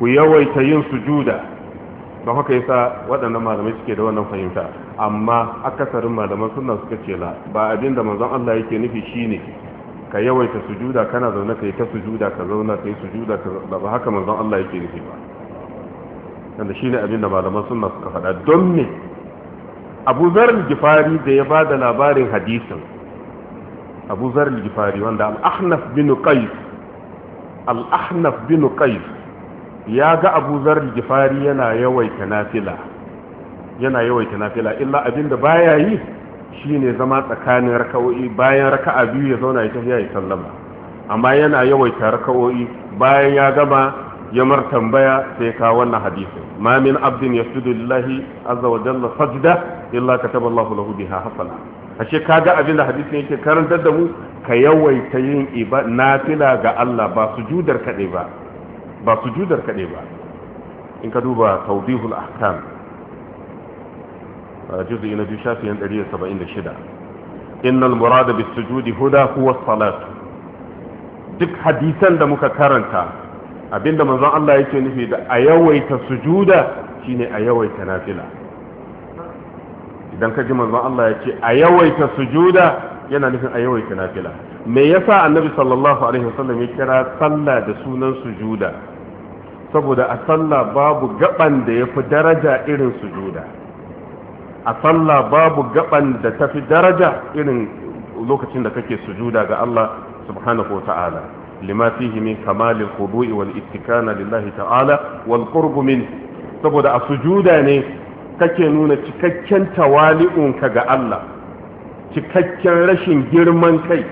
ku yawaita yin sujuda don haka yasa waɗannan malamai suke da wannan fahimta amma akasarin malaman sunna suka ce la ba abinda da manzon Allah yake nufi shine ka yawaita sujuda kana zaune kai ta sujuda ka zauna kai sujuda ka ba haka manzon Allah yake nufi ba wanda shine abin da malaman sunna suka faɗa don me abu zarar gifari da ya ba da labarin hadisin abu zarar gifari wanda al'ahnaf bin qais al'ahnaf bin qais ya ga abu zarar gifari yana yawaita nafila yana yawaita nafila illa abinda baya yi shine zama tsakanin raka'o'i bayan raka'a biyu ya zauna ya tafiya ya sallama amma yana yawaita raka'o'i bayan ya gama ya mar tambaya sai kawo wannan hadisin ma min abdin yasjudu lillahi azza wa jalla sajda illa kataba Allahu lahu biha hasana ka ga abin da hadisin yake karantar da mu ka yawaita yin na fila ga Allah ba su judar kadai ba ba su judar kadai ba in ka duba tawdihul ahkam juz'i na biyu shafiyan 176 innal murada bis sujudi huda huwa salatu duk hadisan da muka karanta abinda manzon Allah yake nufi da a yawaita sujuda shine a yawaita nafila idan ka ji manzon Allah ya ce a yawaita sujuda yana nufin a yawaita nafila me yasa annabi sallallahu alaihi wasallam ya kira sallah da sunan sujuda saboda a sallah babu gaban da yafi daraja irin sujuda a sallah babu gaban da tafi daraja irin lokacin da kake sujuda ga Allah subhanahu wa ta'ala لما فيه من كمال الخضوع والاتكان ittikana lillahi ta'ala منه سبب السجود saboda a sujuda ne kake nuna cikakken tawali'un ka ga Allah cikakken rashin girman kai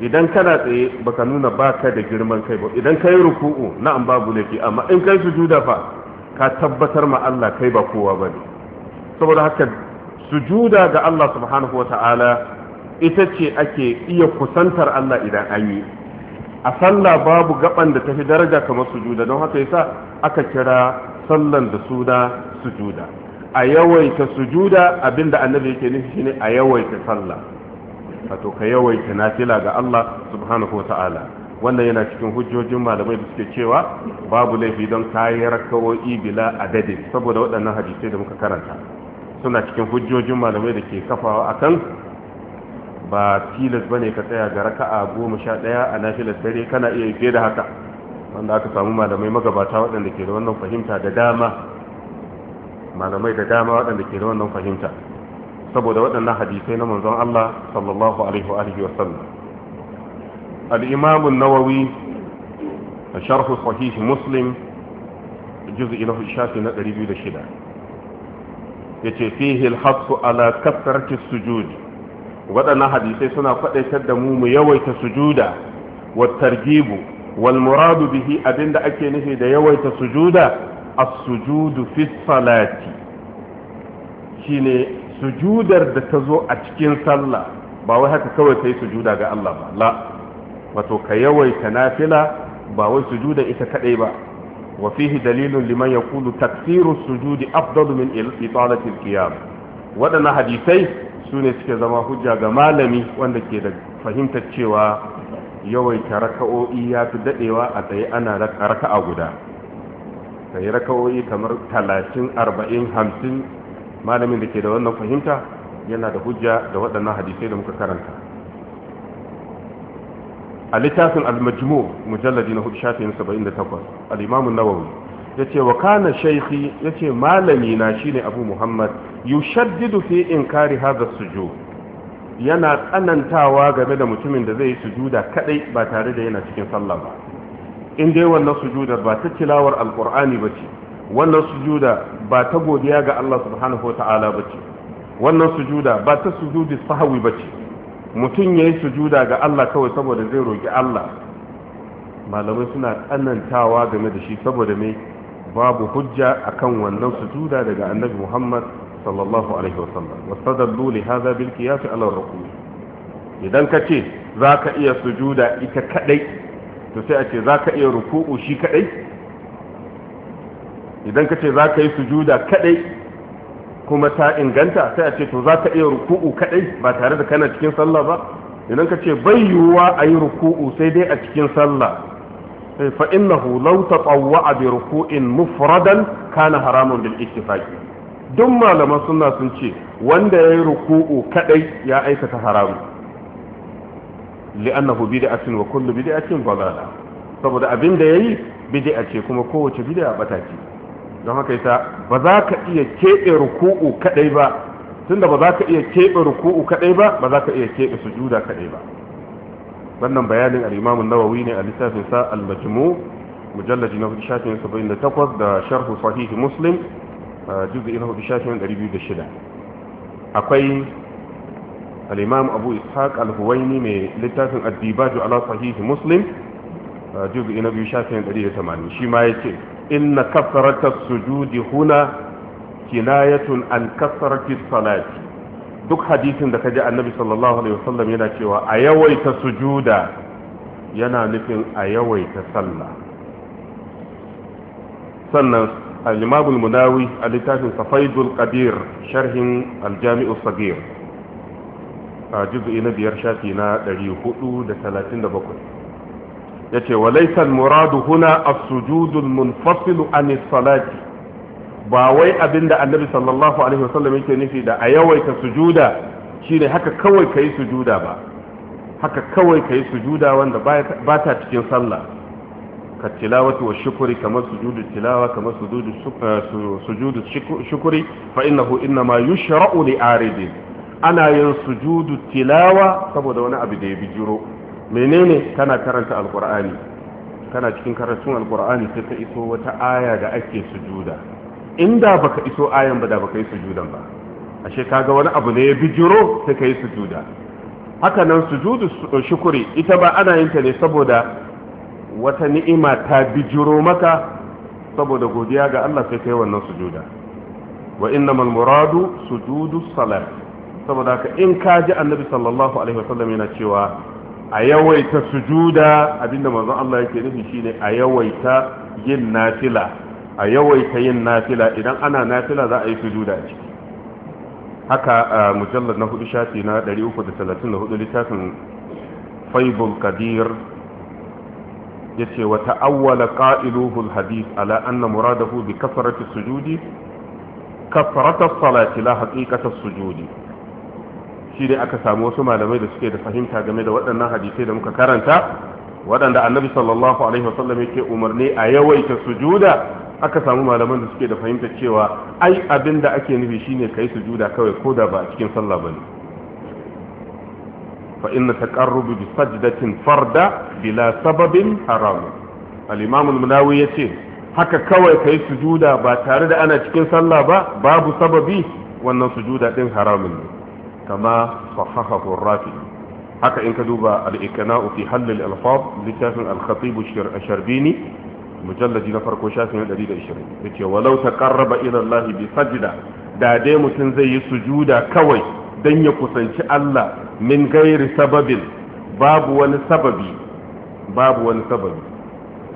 idan kana tsaye baka nuna baka da girman kai ba idan kai ruku'u na'am babu laifi amma in kai sujuda fa ka tabbatar ma Allah kai ba kowa bane saboda haka sujuda ga Allah subhanahu wata'ala ita ce ake iya kusantar Allah idan an yi a sallah babu gaban da tafi daraja kamar sujuda don haka yasa aka kira sallan da suna sujuda a yawaita sujuda abinda annabi yake nufi shine a yawaita sallah wato ka yawaita nafila ga Allah subhanahu wata'ala wannan yana cikin hujjojin malamai da suke cewa babu laifi don kayi rakawo'i bila adadin saboda waɗannan hadisai da muka karanta suna cikin hujjojin malamai da ke kafawa akan ba tilas bane ka tsaya ga raka'a goma sha ɗaya a nafilar dare kana iya fiye da haka wanda aka samu malamai magabata waɗanda ke da wannan fahimta da dama malamai da dama waɗanda ke da wannan fahimta saboda waɗannan hadisai na manzon Allah sallallahu alaihi wa alihi wa sallam al-imam an-nawawi sharh sahih muslim juz'i na shafi na 206 yace fihi al-hadd ala kasrati sujud waɗannan hadisai suna faɗaitar da mu mu yawaita sujuda wa targibu wal muradu bihi abinda ake nufi da yawaita sujuda as-sujudu fi salati shine sujudar da ta zo a cikin sallah ba wai haka kawai yi sujuda ga Allah ba la wato ka yawaita nafila ba wai sujuda ita kadai ba wa fihi dalilun liman yaqulu taksiru sujudi afdalu min italati al-qiyam waɗannan hadisai su ne suke zama hujja ga malami wanda ke da fahimtar cewa yawaita raka'o'i ya fi daɗewa a tsaye ana raka'a guda tsaye raka'o'i kamar talatin arba'in hamsin malamin da ke da wannan fahimta yana da hujja da waɗannan hadisai da muka karanta a littafin al-majmu mujalladi na hudu da 78 al-imamun nawawi ya ce wa kana shaikhi ya ce malami na shi ne abu muhammad yushaddidu shaddidu fi in kari haza suju yana tsanantawa game da mutumin da zai yi sujuda kadai ba tare da yana cikin sallah ba in dai wannan sujudar ba ta tilawar alkur'ani ba ce wannan sujuda ba ta godiya ga allah subhanahu wa ta'ala ba ce wannan sujuda ba ta sujudi sahawi ba ce mutum ya yi sujuda ga allah kawai saboda zai roƙi allah malamai suna tsanantawa game da shi saboda mai babu hujja akan wannan sujuda daga annabi Muhammad sallallahu alaihi wasallam wastadallu li hadha bil qiyas ala ruku idan ka ce zaka iya sujuda ita kadai to sai a ce zaka iya ruku'u shi kadai idan ka ce zaka yi sujuda kadai kuma ta inganta sai a ce to zaka iya ruku'u kadai ba tare da kana cikin sallah ba idan ka ce bai yiwuwa a yi ruku'u sai dai a cikin sallah Eh, fa innahu law tatawwa'a bi ruku'in mufradan kana haramun bil ittifaqi duk malaman sunna sun ce wanda yayi ruku'u kadai ya aikata haramu li'annahu bid'atun wa kullu bid'atin dalala saboda abin da yayi bid'a ce kuma kowace bid'a bata ce don haka yasa ba za ka iya keɓe ruku'u kadai ba tunda ba za ka iya keɓe ruku'u kadai ba ba za ka iya keɓe sujuda kadai ba wannan bayanin al-imam an-nawawi ne a littafin sa al-majmu mujallad na shafin 78 da sharh sahih muslim juz'i na shafin 206 akwai al-imam abu ishaq al-huwaini mai littafin ad-dibaj ala sahih muslim juz'i na shafin 180 shi ma yace inna kasratas sujudi huna kinayatun an kasratis salati duk hadisin da ka ji annabi sallallahu alaihi wasallam yana cewa a yawaita sujuda yana nufin a yawaita sallah sannan al munawi a littafin safaidul qadir sharhin al-jami'u sagir a juz'i na biyar shafi na 437 yace wa laysa al-muradu huna as-sujudu al-munfasilu an as-salati ba wai abin da annabi sallallahu alaihi wasallam yake nufi da a yawaita sujuda shine haka kawai kai sujuda ba haka kawai kai sujuda wanda ba ta cikin sallah ka tilawatu wa shukuri kamar sujudu tilawa kamar sujudu eh, sujudu shukuri fa innahu ma yushra'u li aridin ana yin sujudu tilawa saboda wani abu da ya bijiro menene kana karanta alqur'ani kana cikin karatun alqur'ani sai ta iso wata aya da ake sujuda inda baka iso ayan ba da baka yi sujudan ba ashe kaga wani abu ne ya bijiro sai ka yi sujuda haka nan sujudu eh, shukuri ita ba ana yin ta ne saboda wata ni'ima ta bijiro maka saboda godiya ga Allah sai ka yi wannan sujuda wa innamal muradu sujudu salat saboda ka in ka ji annabi sallallahu alaihi wasallam yana cewa a yawaita sujuda abinda manzon Allah yake nufi shine a yawaita yin nafila a yawaita yin nafila idan ana nafila za a yi sujuda a ciki haka a mujallar na hudu shafi na 334 littafin faibul kadir ya ce wata awwala qa'iluhul hadis ala anna muradahu bi kasrati sujudi kasrata salati la haqiqata sujudi shi dai aka samu wasu malamai da suke da fahimta game da waɗannan hadisai da muka karanta waɗanda annabi sallallahu alaihi wasallam yake umarni a yawaita sujuda aka samu malaman da suke da fahimta cewa ai abin da ake nufi shine kai sujuda kawai ko da ba a cikin sallah ne fa inna taqarrubu bi sajdatin farda bila sababin haram al-imam al-munawi yace haka kawai kai sujuda ba tare da ana cikin sallah ba babu sababi wannan sujuda din haramun ne kama sahahahu rafi haka in ka duba al-iqna'u fi halil al-alfaz littafin al-khatib ash-sharbini mujallaji na farko shafin 120 ce walau taqarraba ila Allah bi sajda da dai mutum zai yi sujuda kawai dan ya kusanci Allah min gairi sababin babu wani sababi babu wani sababi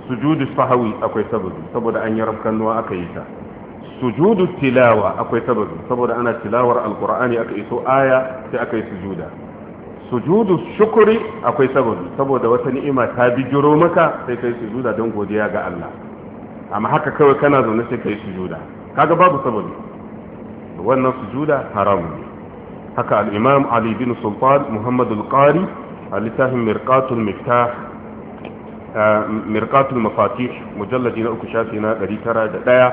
sujudu sahawi akwai sababi saboda an yi rafkan nuwa aka yi ta sujudu tilawa akwai sababi saboda ana tilawar alqur'ani aka iso aya sai aka yi sujuda sujudu shukuri akwai sababi saboda wata ni'ima ta bijiro maka sai kai sujuda don godiya ga Allah amma haka kawai kana zaune sai kai sujuda kaga babu sababi wannan sujuda haram ne haka al-imam Ali bin Sultan Muhammad al-Qari a littafin Mirqatul Miftah Mirqatul Mafatih mujalladi na uku shafi na 901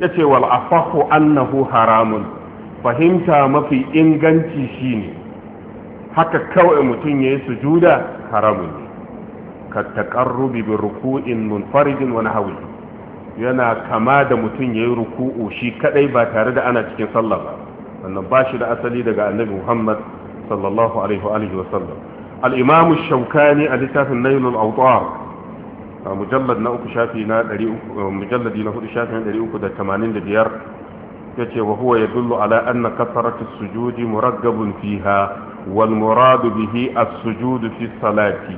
yace wal afahu annahu haramun fahimta mafi inganci shine haka kawai mutum ya yi sujuda haramun ne ka taƙarrubi bi ruku'in munfaridin wani hawi yana kama da mutum ya yi ruku'u shi kadai ba tare da ana cikin sallah ba wannan ba shi da asali daga annabi muhammad sallallahu alaihi wa alihi wa sallam al-imam shaukani a littafin nailul awtar mujallad na uku shafi na 300 mujalladi na hudu shafi na 385 yace wa huwa yadullu ala anna kasratu sujudi muraggabun fiha wal bihi asujudu sujudu fi salati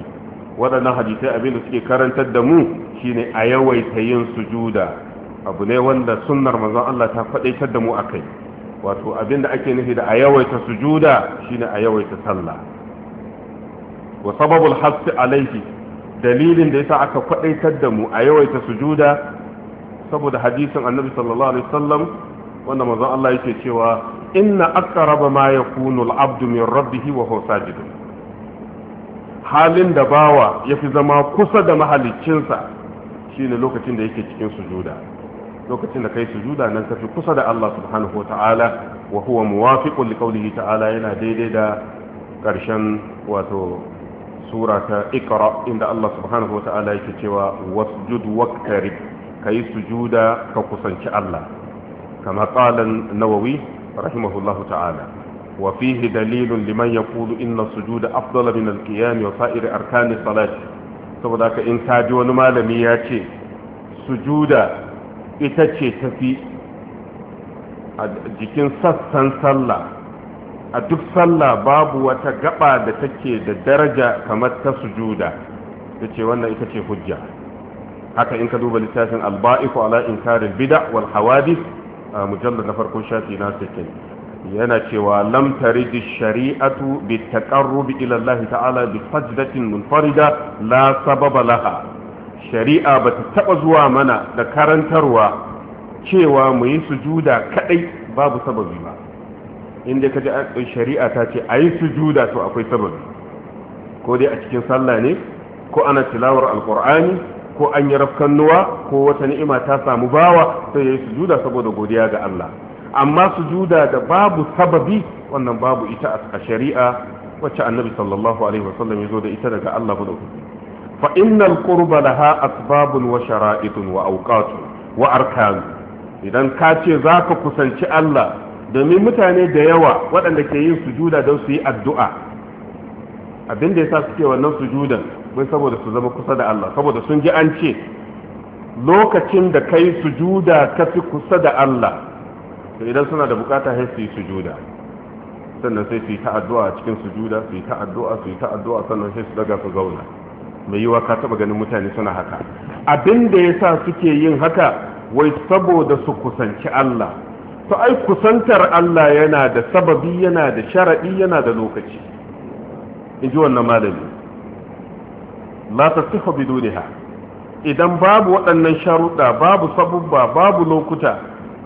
waɗannan hadisai abin da suke karantar da mu shine a yawaita yin sujuda abu ne wanda sunnar manzon Allah ta faɗaitar da mu akai wato abin da ake nufi da a yawaita sujuda shine a yawaita sallah wa sababul hasi alaihi dalilin da yasa aka faɗaitar da mu a yawaita sujuda saboda hadisin annabi sallallahu alaihi wasallam wanda manzon Allah yake cewa inna aqraba ma yakunu al-abdu min rabbih wa huwa sajid halin da bawa yafi zama kusa da mahaliccinsa shine lokacin da yake cikin sujuda lokacin da kai sujuda nan tafi kusa da Allah subhanahu wa ta'ala wa huwa muwafiqun liqawlihi ta'ala yana daidai da karshen wato sura ta iqra inda Allah subhanahu wa ta'ala yake cewa wasjud waqtarib kai sujuda ka kusanci Allah kama qala an-nawawi rahimahullahu ta'ala wafihi fihi dalilun liman yaqulu inna sujuda afdala min al-qiyam wa sa'ir arkani salati saboda ka in ka ji wani malami ya ce sujuda ita ce tafi a jikin sassan sallah a duk sallah babu wata gaɓa da take da daraja kamar ta sujuda tace wannan ita ce hujja haka in ka duba littafin alba'iku ala inkaril bid'a wal hawadith A mujallar na farkon shafi na sittin yana cewa lamtari di shari'atu bi taqarrubi ila Allah ta'ala bi fajdatin munfarida la sababa laha shari'a bata taba zuwa mana da karantarwa cewa mu yi sujuda kadai babu sababi ba inda kaje shari'a ta ce ayi sujuda to akwai sababi ko dai a cikin sallah ne ko ana tilawar alqur'ani ko an yi rafkannuwa ko wata ni'ima ta samu bawa sai yayi sujuda saboda godiya ga Allah amma sujuda da babu sababi wannan babu ita a shari'a wacce annabi sallallahu alaihi wasallam ya zo da ita daga Allah ba fa innal qurba laha asbabun wa shara'itun wa awqatun wa arkan idan ka ce zaka kusanci Allah domin mutane da yawa waɗanda ke yin sujuda don su yi addu'a abin da yasa suke wannan sujudan wai saboda su zama kusa da Allah saboda sun ji an ce lokacin da kai sujuda ka fi kusa da Allah to idan suna da bukata sai su yi sujuda sannan sai su yi ta addu'a cikin sujuda su yi ta addu'a su yi ta sannan sai su daga su zauna mai yiwa ka taba ganin mutane suna haka abin da sa suke yin haka wai saboda su kusanci Allah to ai kusantar Allah yana da sababi yana da sharadi yana da lokaci in ji wannan malami la tasihhu bidunha idan babu waɗannan sharuɗa babu sabubba babu lokuta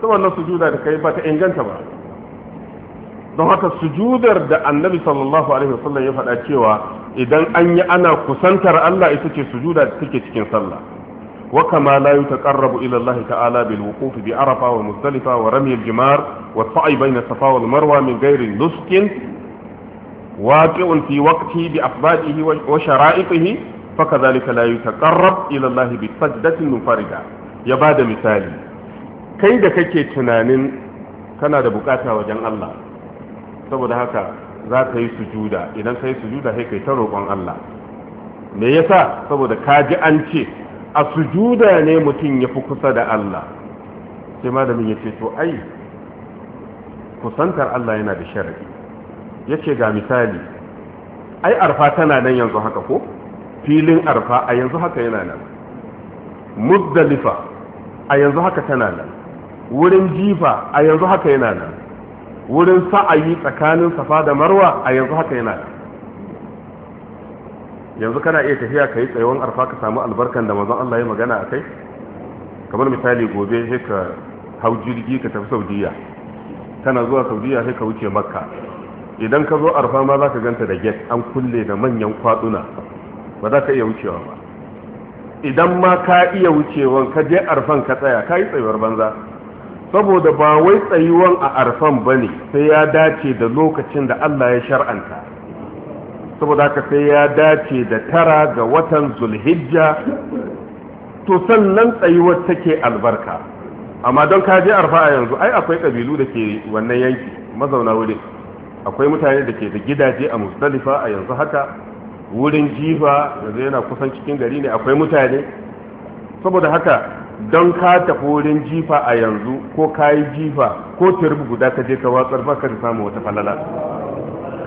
to wannan sujuda da kai ba ta inganta ba don haka sujudar da annabi sallallahu alaihi wasallam ya faɗa cewa idan an yi ana kusantar Allah ita ce sujuda da take cikin sallah wa kama la yutaqarrabu ila Allah ta'ala bil wuquf bi arafa wa muzdalifa wa rami al jimar wa sa'i bayna safa wal marwa min ghairi nuskin waqi'un fi waqti bi afbadihi wa shara'ifihi faka zalika la yutaqarrab ila ilallahi bi sajdatin munfarida ya bada misali kai da kake tunanin kana da bukata wajen Allah saboda haka za ka yi sujuda idan ka yi sujuda sai kai ta roƙon Allah me yasa saboda ka ji an ce a sujuda ne mutum ya fi kusa da Allah sai malamin ya ce to ai kusantar Allah yana da sharadi yace ga misali ai arfa tana nan yanzu haka ko filin arfa a yanzu haka yana nan muddalifa a yanzu haka tana nan wurin jifa a yanzu haka yana nan wurin sa'ayi tsakanin safa da marwa a yanzu haka yana nan yanzu kana iya tafiya ka yi tsayawan arfa ka samu albarkan da mazan Allah ya magana a kai kamar misali gobe sai ka hau jirgi ka tafi saudiya tana zuwa saudiya sai ka wuce makka idan ka zo arfa ma za ka ganta da get an kulle da manyan kwaduna ba za ka iya wucewa ba idan ma ka iya wucewa ka je arfan ka tsaya ka yi tsayuwar banza saboda ba wai tsayuwan a arfan ba ne sai ya dace da lokacin da allah ya shar'anta saboda haka sai ya dace da tara ga watan zulhijja to sannan tsayuwar take albarka amma don ka je arfa a yanzu ai akwai kabilu da ke wannan yanki mazauna wuri akwai mutane da ke da gidaje a musdalifa a yanzu haka wurin jifa yanzu yana kusan cikin gari ne akwai mutane saboda haka don ka tafi wurin jifa a yanzu ko ka yi jifa ko turbi guda ka je ka watsar ba ka samu wata falala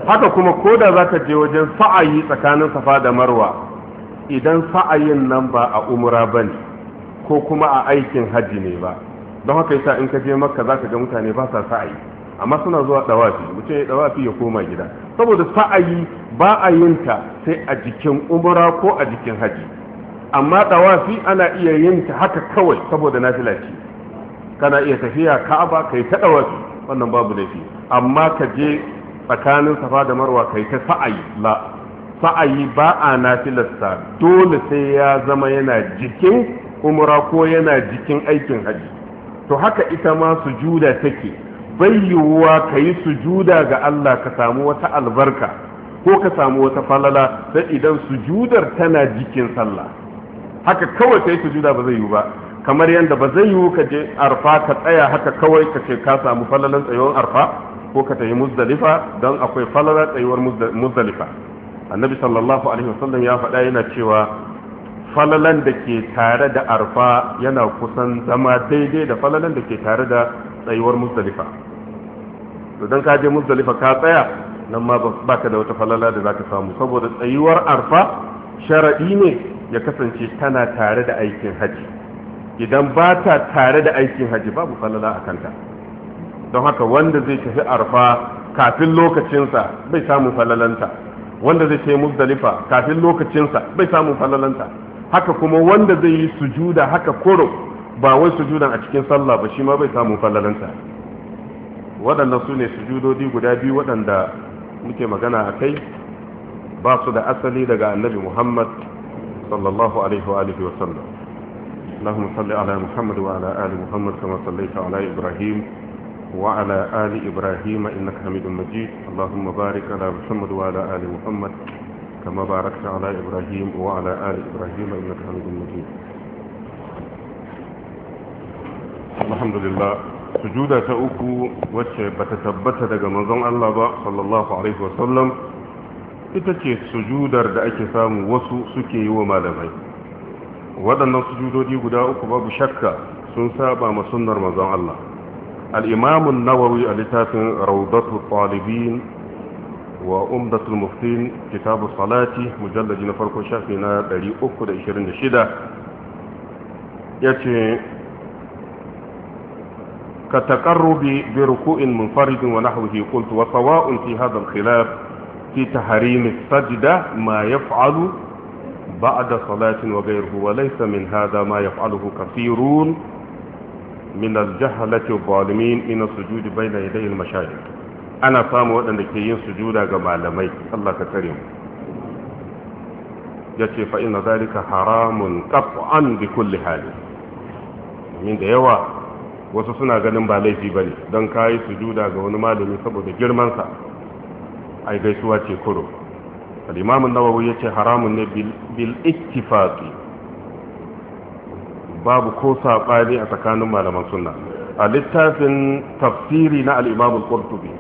haka kuma ko da za ka je wajen sa'ayi tsakanin safa da marwa idan sa'ayin nan ba a umura ba ne ko kuma a aikin hajji ne ba don haka yasa in ka je maka za ka ga mutane ba sa sa'ayi amma suna zuwa dawafi mutum ya dawafi ya koma gida saboda sa'ayi ba a yin ta sai a jikin umra ko a jikin haji amma tawafi ana iya yin ta haka kawai saboda nafila ce kana iya tafiya ka'aba kai ta dawafi wannan babu laifi amma ka je tsakanin safa da marwa kai ta sa'ayi la sa'ayi ba a nafilarsa dole sai ya zama yana jikin umra ko yana jikin aikin haji to haka ita ma sujuda take bai yiwuwa ka yi sujuda ga Allah ka samu wata albarka ko ka samu wata falala sai idan sujudar tana jikin sallah haka kawai ka yi sujuda ba zai yiwu ba kamar yadda ba zai yiwu ka je arfa ka tsaya haka kawai ka ce ka samu falalan tsayuwar arfa ko ka tafi muzdalifa don akwai falala tsayuwar muzdalifa annabi sallallahu alaihi wasallam ya faɗa yana cewa falalan da ke tare da arfa yana kusan zama daidai da falalan da ke tare da tsayuwar muzdalifa to dan ka je muzdalifa ka tsaya nan ma baka da wata falala da zaka samu saboda tsayuwar arfa sharadi ne ya kasance tana tare da aikin haji idan ba ta tare da aikin haji babu falala a kanta don haka wanda zai tafi arfa kafin lokacinsa bai samu falalanta wanda zai ce muzdalifa kafin lokacinsa bai samu falalanta haka kuma wanda zai yi sujuda haka koro ba wai sujudan a cikin sallah ba shi ma bai samu falalanta waɗannan su ne sujudodi guda biyu waɗanda muke magana a kai ba su da asali daga annabi muhammad sallallahu alaihi wa alihi wa sallam اللهم صل على محمد وعلى آل محمد كما صليت على إبراهيم وعلى آل إبراهيم إنك حميد مجيد اللهم بارك على محمد وعلى آل محمد كما باركت على إبراهيم وعلى آل إبراهيم إنك حميد مجيد الحمد لله sujuda ta uku wacce bata tabbata daga manzon Allah ba sallallahu alaihi wasallam ita ce sujudar da ake samu wasu suke yi wa malamai waɗannan sujudodi guda uku babu shakka sun saba ma sunnar manzon Allah al-imam an-nawawi a littafin rawdatu talibin wa umdatul muftin kitabu salati mujallaji na farko shafi na 326 yace كتقرب بركوع منفرد ونحوه قلت وسواء في هذا الخلاف في تحريم السجدة ما يفعل بعد صلاة وغيره وليس من هذا ما يفعله كثيرون من الجهلة الظالمين من السجود بين يدي المشايخ أنا فاهم أن كيين سجودا كما لمي الله كريم يتي فإن ذلك حرام قطعا بكل حال من ديوه wasu suna ganin ba laifi ba ne don kayi su sujuda ga wani malami saboda girmansa ai gaisuwa ce kuro alimamin nawawi ya ce haramun ne bil babu ko saɓani a tsakanin malaman suna. a littafin tafsiri na al'imamul kurtubi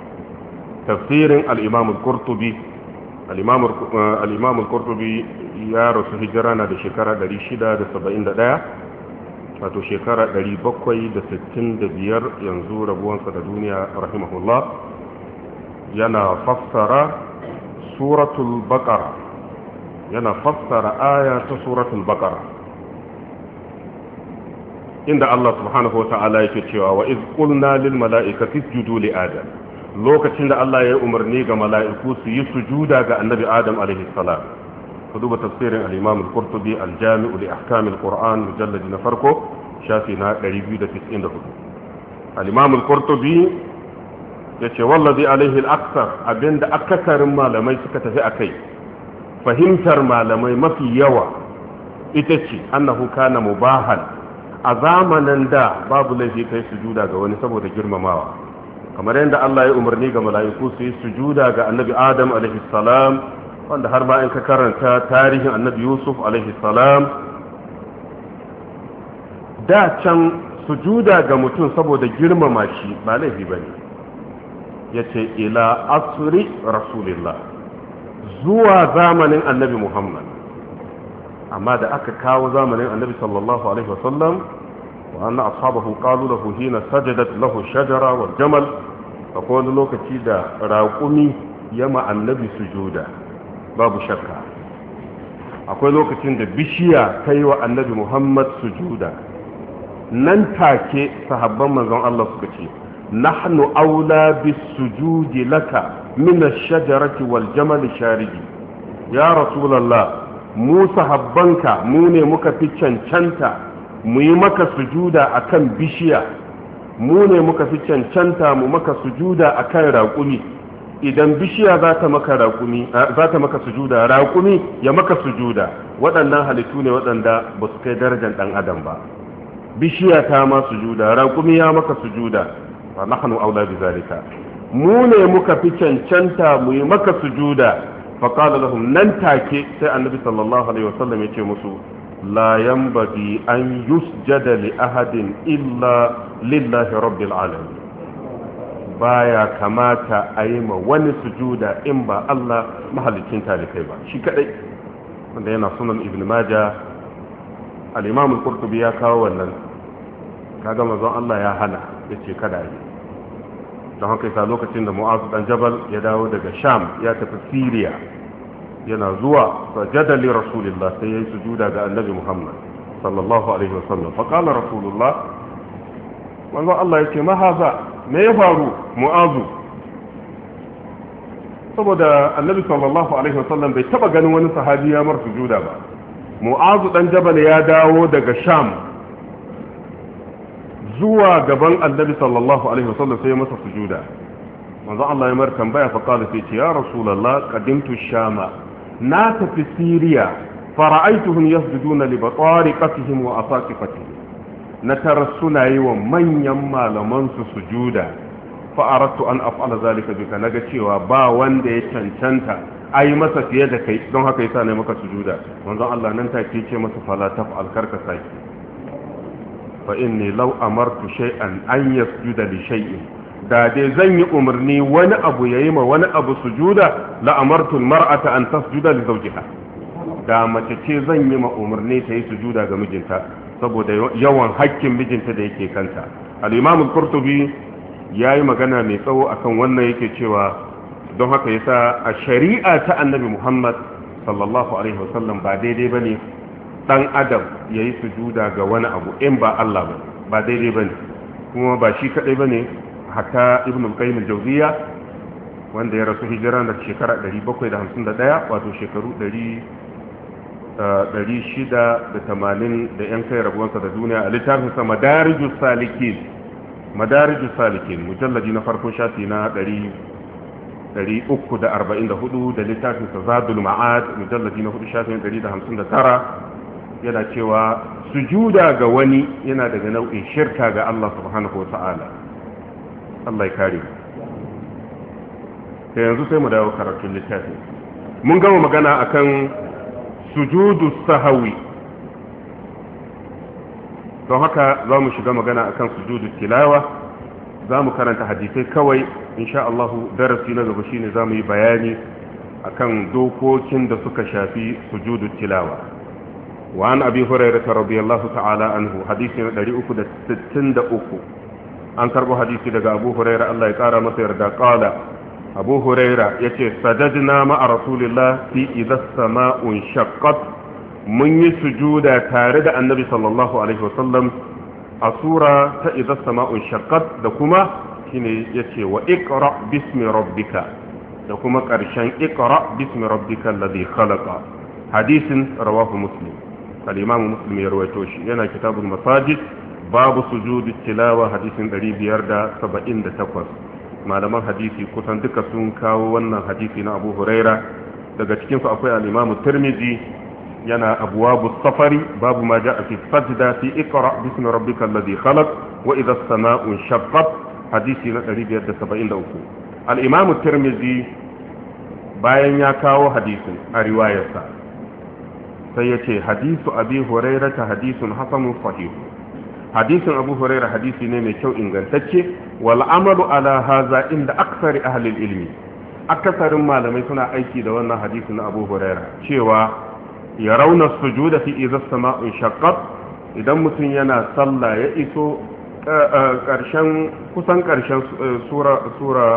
tafsirin al'imamul kurtubi al'imamul kurtubi ya rasu hijira na da shekara 671 wato shekara 765 yanzu rabuwansa da duniya rahimahullah yana fassara suratul baqara yana fassara aya ta suratul baqara inda Allah subhanahu wa ta'ala yake cewa wa iz qulna lil mala'ikati isjudu li adam lokacin da Allah ya umarni ga mala'iku su yi sujuda ga annabi adam alaihi salam duba tafsirin al-imam al-qurtubi al-jami'u li ahkam al-qur'an mujallad na farko shafi na 294 al-imam al-qurtubi yace wallazi alaihi al-aksar abinda akasarin malamai suka tafi a kai fahimtar malamai mafi yawa ita ce annahu kana mubahal a zamanin da babu laifi kai sujuda ga wani saboda girmamawa kamar yadda Allah ya umarni ga mala'iku su yi sujuda ga annabi Adam alaihi wanda har ba in ka karanta tarihin annabi yusuf alaihi salam da can sujuda ga mutum saboda girmama shi ba laifi ba ne ya ce ila asiri rasulillah zuwa zamanin annabi muhammad amma da aka kawo zamanin annabi sallallahu alaihi wasallam wa na ashabahu qalu lahu hina sajadat lahu shajara wal jamal akwai wani lokaci da raƙumi yama annabi sujuda babu shakka akwai lokacin da bishiya ta yi wa annabi muhammad sujuda nan take sahabban manzon Allah suka ce nahnu aula bis sujudi laka min ash-shajarati wal jamal ya rasulullah mu sahabbanka mu ne muka fi cancanta mu yi maka sujuda akan bishiya mu ne muka fi cancanta mu maka sujuda akan raƙumi idan bishiya za ta maka sujuda raƙumi ya maka sujuda waɗannan halittu ne waɗanda ba su kai darajar ɗan adam ba bishiya ta ma sujuda raƙumi ya maka sujuda fa nahnu aula bi zalika mu ne muka fi cancanta mu yi maka sujuda fa qala lahum nan take sai annabi sallallahu alaihi wasallam ya ce musu la yanbaghi an yusjada li ahadin illa lillahi rabbil alamin baya kamata a yi ma wani sujuda in ba Allah mahalicin talikai ba shi kadai wanda yana sunan ibn maja al-imam qurtubi ya kawo wannan kaga manzon Allah ya hana yace kada yi don haka yasa lokacin da mu'az dan jabal ya dawo daga sham ya tafi siriya yana zuwa sajada li rasulillah sai yayi sujuda ga annabi muhammad sallallahu alaihi wasallam fa qala rasulullah manzon Allah yace ma haza me ya faru mu'azu saboda annabi sallallahu alaihi wasallam bai taba ganin wani sahabi ya mar sujuda ba mu'azu dan jabal ya dawo daga sham zuwa gaban annabi sallallahu alaihi wasallam sai ya masa sujuda manzo Allah ya mar tambaya fa qala fi ya rasulullah qadimtu shama na tafi siriya fara'aituhum yasjuduna li batariqatihim wa asaqifatihim na tara suna yi wa manyan malamansu su sujuda fa'aratu an af'ala zalika bika naga cewa ba wanda ya cancanta ai masa fiye da kai don haka yasa ne maka juda. Wanzan Allah nan take ce masa fala ta alkar ka saki fa in inni law amartu shay'an an yasjuda li shay'in da dai zan yi umarni wani abu ya yi ma wani abu sujuda la amartu mar'ata an tasjuda li zawjiha da mace ce zan yi ma umarni ta yi su juda ga mijinta saboda yawan hakkin mijinta da yake kanta al-imam ya yi magana mai tsawo akan wannan yake cewa don haka yasa a shari'a ta annabi Muhammad sallallahu alaihi wasallam ba daidai ba ne ɗan adam ya yayi sujuda ga wani abu in ba Allah ba ba daidai bane kuma ba shi kaɗai ba ne hatta ibn al-qayyim al wanda ya rasu hijira da shekara 751 wato shekaru 680 da yan kai rabuwansa da duniya a littafinsa madarijus salikin madarijus salikin mujallaji na farko shafi na 344 da littafinsa zadul ma'ad mujallaji na 4 shafi 159 yana cewa sujuda ga wani yana daga nau'in shirka ga Allah subhanahu wa ta'ala Allah ya kare ta yanzu sai mu dawo karatun littafin mun gama magana akan sujudu sahawi don haka za mu shiga magana akan sujudu tilawa za mu karanta hadisai kawai insha Allah darasi na gaba shine za mu yi bayani akan dokokin da suka shafi sujudu tilawa wa an abi hurairah radiyallahu ta'ala anhu hadisi na 363 an karbo hadisi daga abu hurairah Allah ya kara masa yarda qala abu huraira ya ce sadajina ma'a rasulillah fi idan sama'un shakkat mun yi sujuda tare da annabi sallallahu alaihi wasallam a sura ta idan sama'un shakkat da kuma shine ya ce wa ikra bismi rabbika da kuma ƙarshen ikra bismi rabbika ladhi khalaqa hadisin rawahu muslim al-imamu muslim ya rawaito shi yana kitabul masajid babu sujudi tilawa hadisin 578 malaman hadisi kusan duka sun kawo wannan hadisi na abu huraira daga cikinsu akwai al'imamu turmizi yana abuwabu safari babu ma ja a fi sajda fi ikra bismi rabbika alladhi khalaq wa idha as-sama'u shaqqat hadisi na 573 al-imam tirmizi bayan ya kawo hadisin a riwayarsa sai yace hadisu abi hurairata hadisun hasanun sahih hadisin abu huraira hadisi ne mai kyau ingantacce wal amalu ala haza inda aksari ahlil ilmi akasarin malamai suna aiki da wannan hadisi na abu huraira cewa ya rauna sujuda fi idza sama'un shaqqat idan mutum yana sallah ya iso eh, eh, karshen kusan karshen eh, sura sura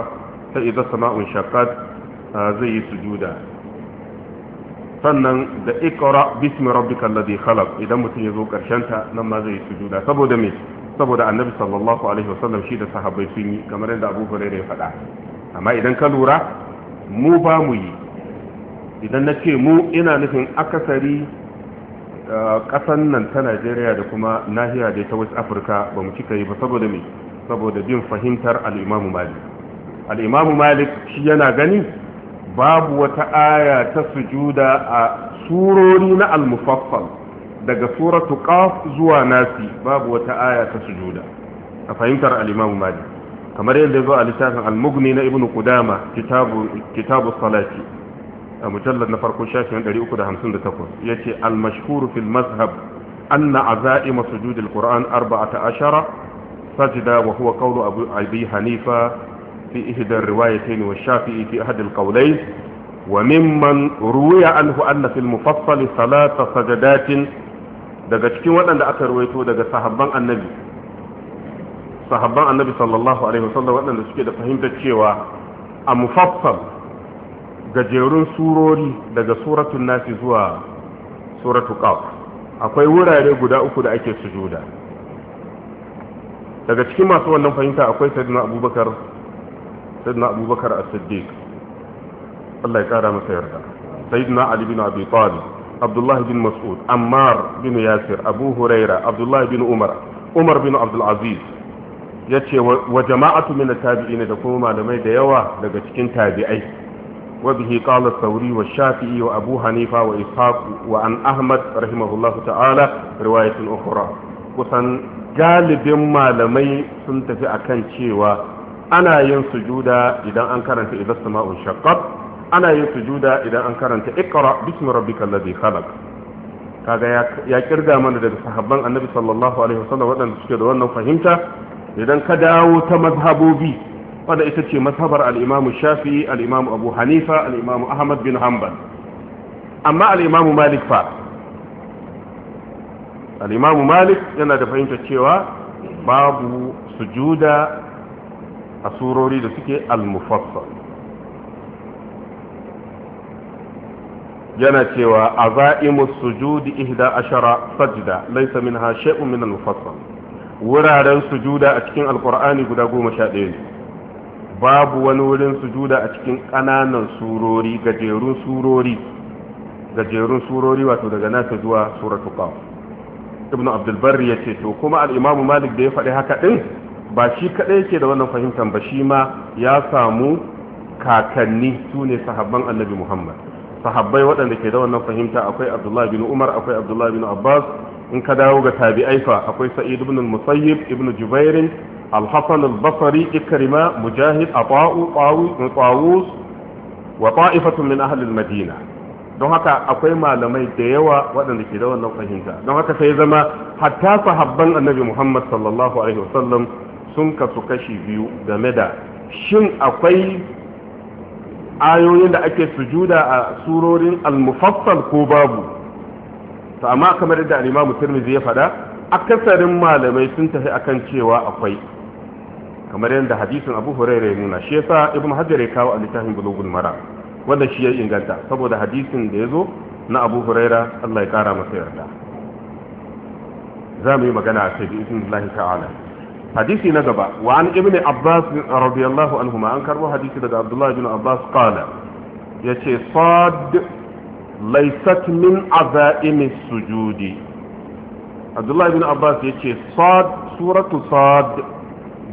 ta idza shaqqat ah, zai yi sujuda sannan da ikra bismi rabbikal ladhi khalaq idan mutum ya zo karshen ta nan ma zai sujuda saboda me saboda annabi sallallahu alaihi wasallam shi da sahabbai sun yi kamar yadda Abu Hurairah ya faɗa amma idan ka lura mu ba mu yi idan na ce mu ina nufin akasari kasan eh, nan ta Najeriya da kuma nahiya da ta West Africa ba mu cika yi ba saboda me saboda bin fahimtar al-Imam Malik al-Imam Malik shi yana gani babu wata aya ta sujuda a surori na almufaffal daga suratu qaf zuwa nasi babu wata aya ta sujuda a fahimtar al-imam malik kamar yadda zo a littafin al-mughni na ibnu qudama kitabu kitabu salati a mujallad na farko shafin 358 yace al-mashhur fil mazhab anna azaim sujud al-quran 14 sajda wa huwa qawlu abi hanifa في إحدى الروايتين والشافعي في أحد القولين وممن روي عنه أن في المفصل ثلاث سجدات waɗanda suke da fahimtar cewa a mufassal gajerun surori daga suratun nasi zuwa suratu qaf akwai wurare guda uku da ake sujuda daga cikin masu wannan fahimta akwai sayyidina abubakar sayyidina abubakar as-siddiq Allah ya kara masa yarda sayyidina ali bin abi talib abdullah bin mas'ud ammar bin yasir abu huraira abdullah bin umar umar bin abdul aziz yace wa jama'atu min at-tabi'in da kuma malamai da yawa daga cikin tabi'ai wa bihi qala thawri wa shafi'i wa abu hanifa wa ishaq wa an ahmad rahimahullahu ta'ala riwayatun ukhra kusan galibin malamai sun tafi akan cewa ana yin sujuda idan an karanta idan sama'un shaqqat ana yin sujuda idan an karanta iqra bismi rabbikal ladhi khalaq kaga ya kirga mana daga sahabban annabi sallallahu alaihi wasallam waɗanda suke da wannan fahimta idan ka dawo ta mazhabobi wanda ita ce mazhabar al-imamu shafi'i al-imamu abu hanifa al-imamu ahmad bin hanbal amma al-imamu malik fa al-imamu malik yana da fahimtar cewa babu sujuda a surori da suke al yana cewa azaimus sujudi ihda ashara sajda laysa minha shay'un min al wuraren sujuda a cikin alkur'ani guda ɗaya ne babu wani wurin sujuda a cikin ƙananan surori gajerun surori gajerun surori wato daga nasa zuwa suratul qaf ibnu abdul barri yace to kuma al imamu malik da ya faɗi haka din ba shi kaɗai yake da wannan fahimtar ba shi ma ya samu kakanni su ne sahabban annabi muhammad sahabbai waɗanda ke da wannan fahimta akwai abdullahi bin umar akwai abdullahi bin abbas in ka dawo ga tabi'ai akwai sa'id ibn al-musayyib ibn jubair al-hasan al-basri ikrima mujahid ata'u wa ta'ifatun min ahli al-madina don haka akwai malamai da yawa waɗanda ke da wannan fahimta don haka sai zama hatta sahabban annabi muhammad sallallahu alaihi wasallam sun kasu kashi biyu game da shin akwai ayoyin da ake sujuda a surorin al-mufassal ko babu to amma kamar yadda al imamu Tirmidhi ya faɗa akasarin malamai sun tafi akan cewa akwai kamar yadda hadisin Abu Hurairah ya nuna shi yasa Ibn Hajar ya kawo a littafin Bulughul mara wanda shi ya inganta saboda hadisin da ya zo na Abu Hurairah Allah ya kara masa yarda za mu yi magana a kai bi ta'ala hadisi na gaba wa an ibn abbas radiyallahu anhuma an karbo hadisi daga abdullah ibn abbas qala yace sad laysat min azaim sujudi abdullah ibn abbas yace sad suratu sad